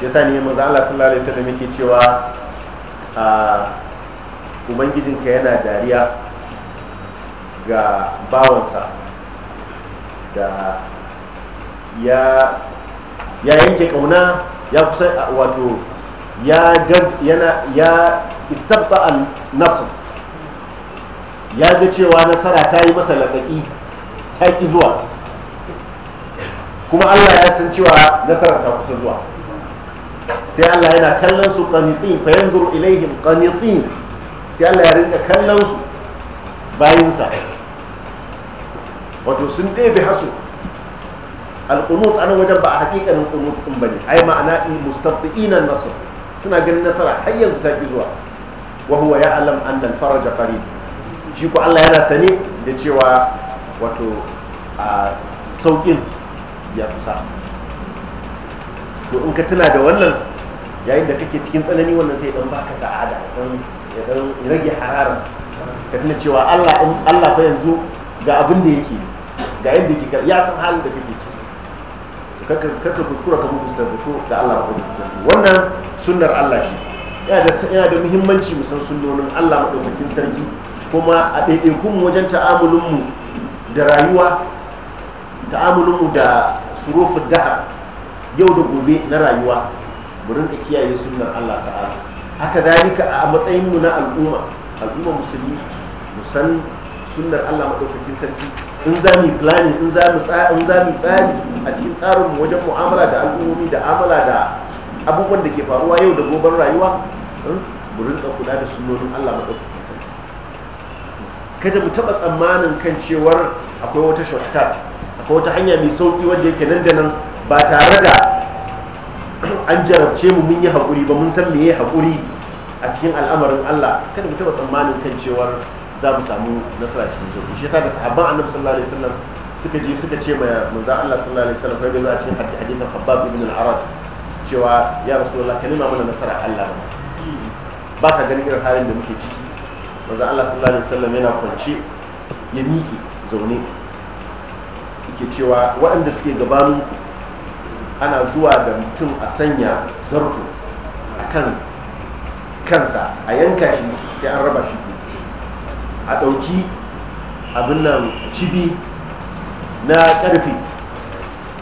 shi yasa ne manzo Allah sallallahu alaihi wasallam yake cewa a ubangijinka yana dariya ga bawansa da ya yanke kauna ya kusa wato ya yana ya istabta al nasr ya ga cewa nasara ta yi masa laƙaƙi ta ki zuwa kuma Allah ya san cewa nasarar ta kusa zuwa sai Allah yana kallon su qanitin fa yanzuru ilaihim qanitin sai Allah ya rinka kallon su bayin sa wato sun ɗebe hasu alƙunut ana wajen ba a hakikanin ƙunut ɗin ba ne ai ma'ana mustabdi'ina nasr suna ganin nasara har yanzu ta ki zuwa wa huwa ya'lam anna al-faraj qarib shi ko Allah yana sani da cewa wato a saukin ya kusa to in ka tuna da wannan yayin da kake cikin tsanani wannan sai dan baka sa'ada dan ya dan rage harara ka tuna cewa Allah in Allah fa yanzu ga abin da yake ga yadda yake ya san halin da kake ciki kaka kuskura ka mutu da Allah ko wannan sunnar Allah shi yana da muhimmanci mu san sunnonin Allah maɗaukakin sarki kuma a ɗaiɗaikun wajen ta'amulinmu da rayuwa ta'amulinmu da surufin daha yau da gobe na rayuwa mu rinka kiyaye sunnar Allah ta'ala haka zalika a matsayinmu na al'umma al'umma musulmi mu san sunnar Allah maɗaukakin sarki in za mu planning in za mu in za mu tsari a cikin tsarinmu wajen mu'amala da al'ummomi da amala da abubuwan da ke faruwa yau da gobar rayuwa mu rinka kula da Allah sarki kada mu taba tsammanin kan cewar akwai wata shortcut akwai wata hanya mai sauki wanda yake nan da nan ba tare da an jarabce mu mun yi haƙuri ba mun san meye haƙuri a cikin al'amarin Allah kada mu taba tsammanin kan cewar za mu samu nasara cikin sauki shi yasa da sahabban annabi sallallahu alaihi wasallam suka je suka ce mai manzo Allah sallallahu alaihi wasallam kai da cikin hadisin Habbab ibn al-Arad cewa ya rasulullah kalima mana nasara Allah ba ka ganin irin halin da muke ciki manzo Allah sallallahu alaihi wasallam yana kwance ya miƙe zaune yake cewa waɗanda suke gabanu ana zuwa da mutum a sanya zarto a kan kansa a yanka shi sai an raba shi a ɗauki abin nan cibi na ƙarfe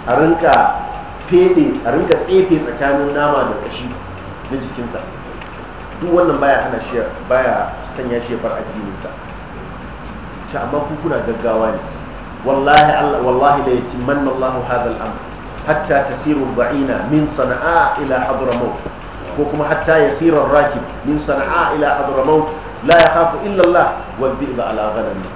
a rinka a rinka tsefe tsakanin nama da ƙashi na jikinsa duk wannan baya hana shi baya sanya shi bar addininsa ce amma ku kuna gaggawa ne wallahi Allah wallahi la yatimanna Allahu hadha al-amr hatta tasiru ba'ina min sana'a ila hadramaut ko kuma hatta yasira ar-rakib min sana'a ila hadramaut la yakhafu illa Allah wal bi'da ala ghanami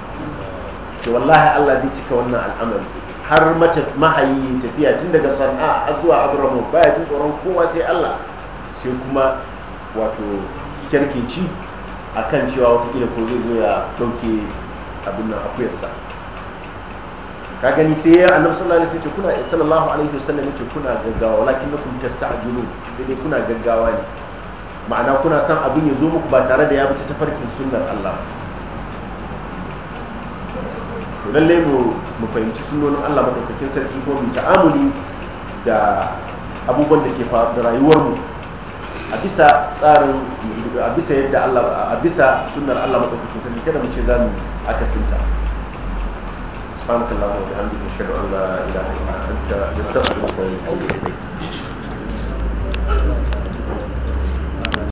ce wallahi Allah zai cika wannan al'amari har mata mahayi tafiya tun daga sana'a zuwa hadramaut baya jin tsoron kowa sai Allah sai kuma wato kyarkeci a kan cewa watakila ko zai zo ya ɗauke abin nan akuyarsa ka gani sai ya annabi sallallahu alaihi wasallam kuna sallallahu alaihi wasallam yace kuna gaggawa walakin lakum tasta'jilun sai dai kuna gaggawa ne ma'ana kuna san abin ya zo muku ba tare da ya bi ta farkin sunnar Allah to lalle mu mu fahimci sunnonin Allah madaukakin sarki ko mu ta'amuli da abubuwan da ke faru da mu. a bisa tsarin a bisa yadda Allah a bisa sunnar Allah madaukakin sarki kada mu ce za mu akasinta سبحانك اللهم وبحمدك اشهد ان لا اله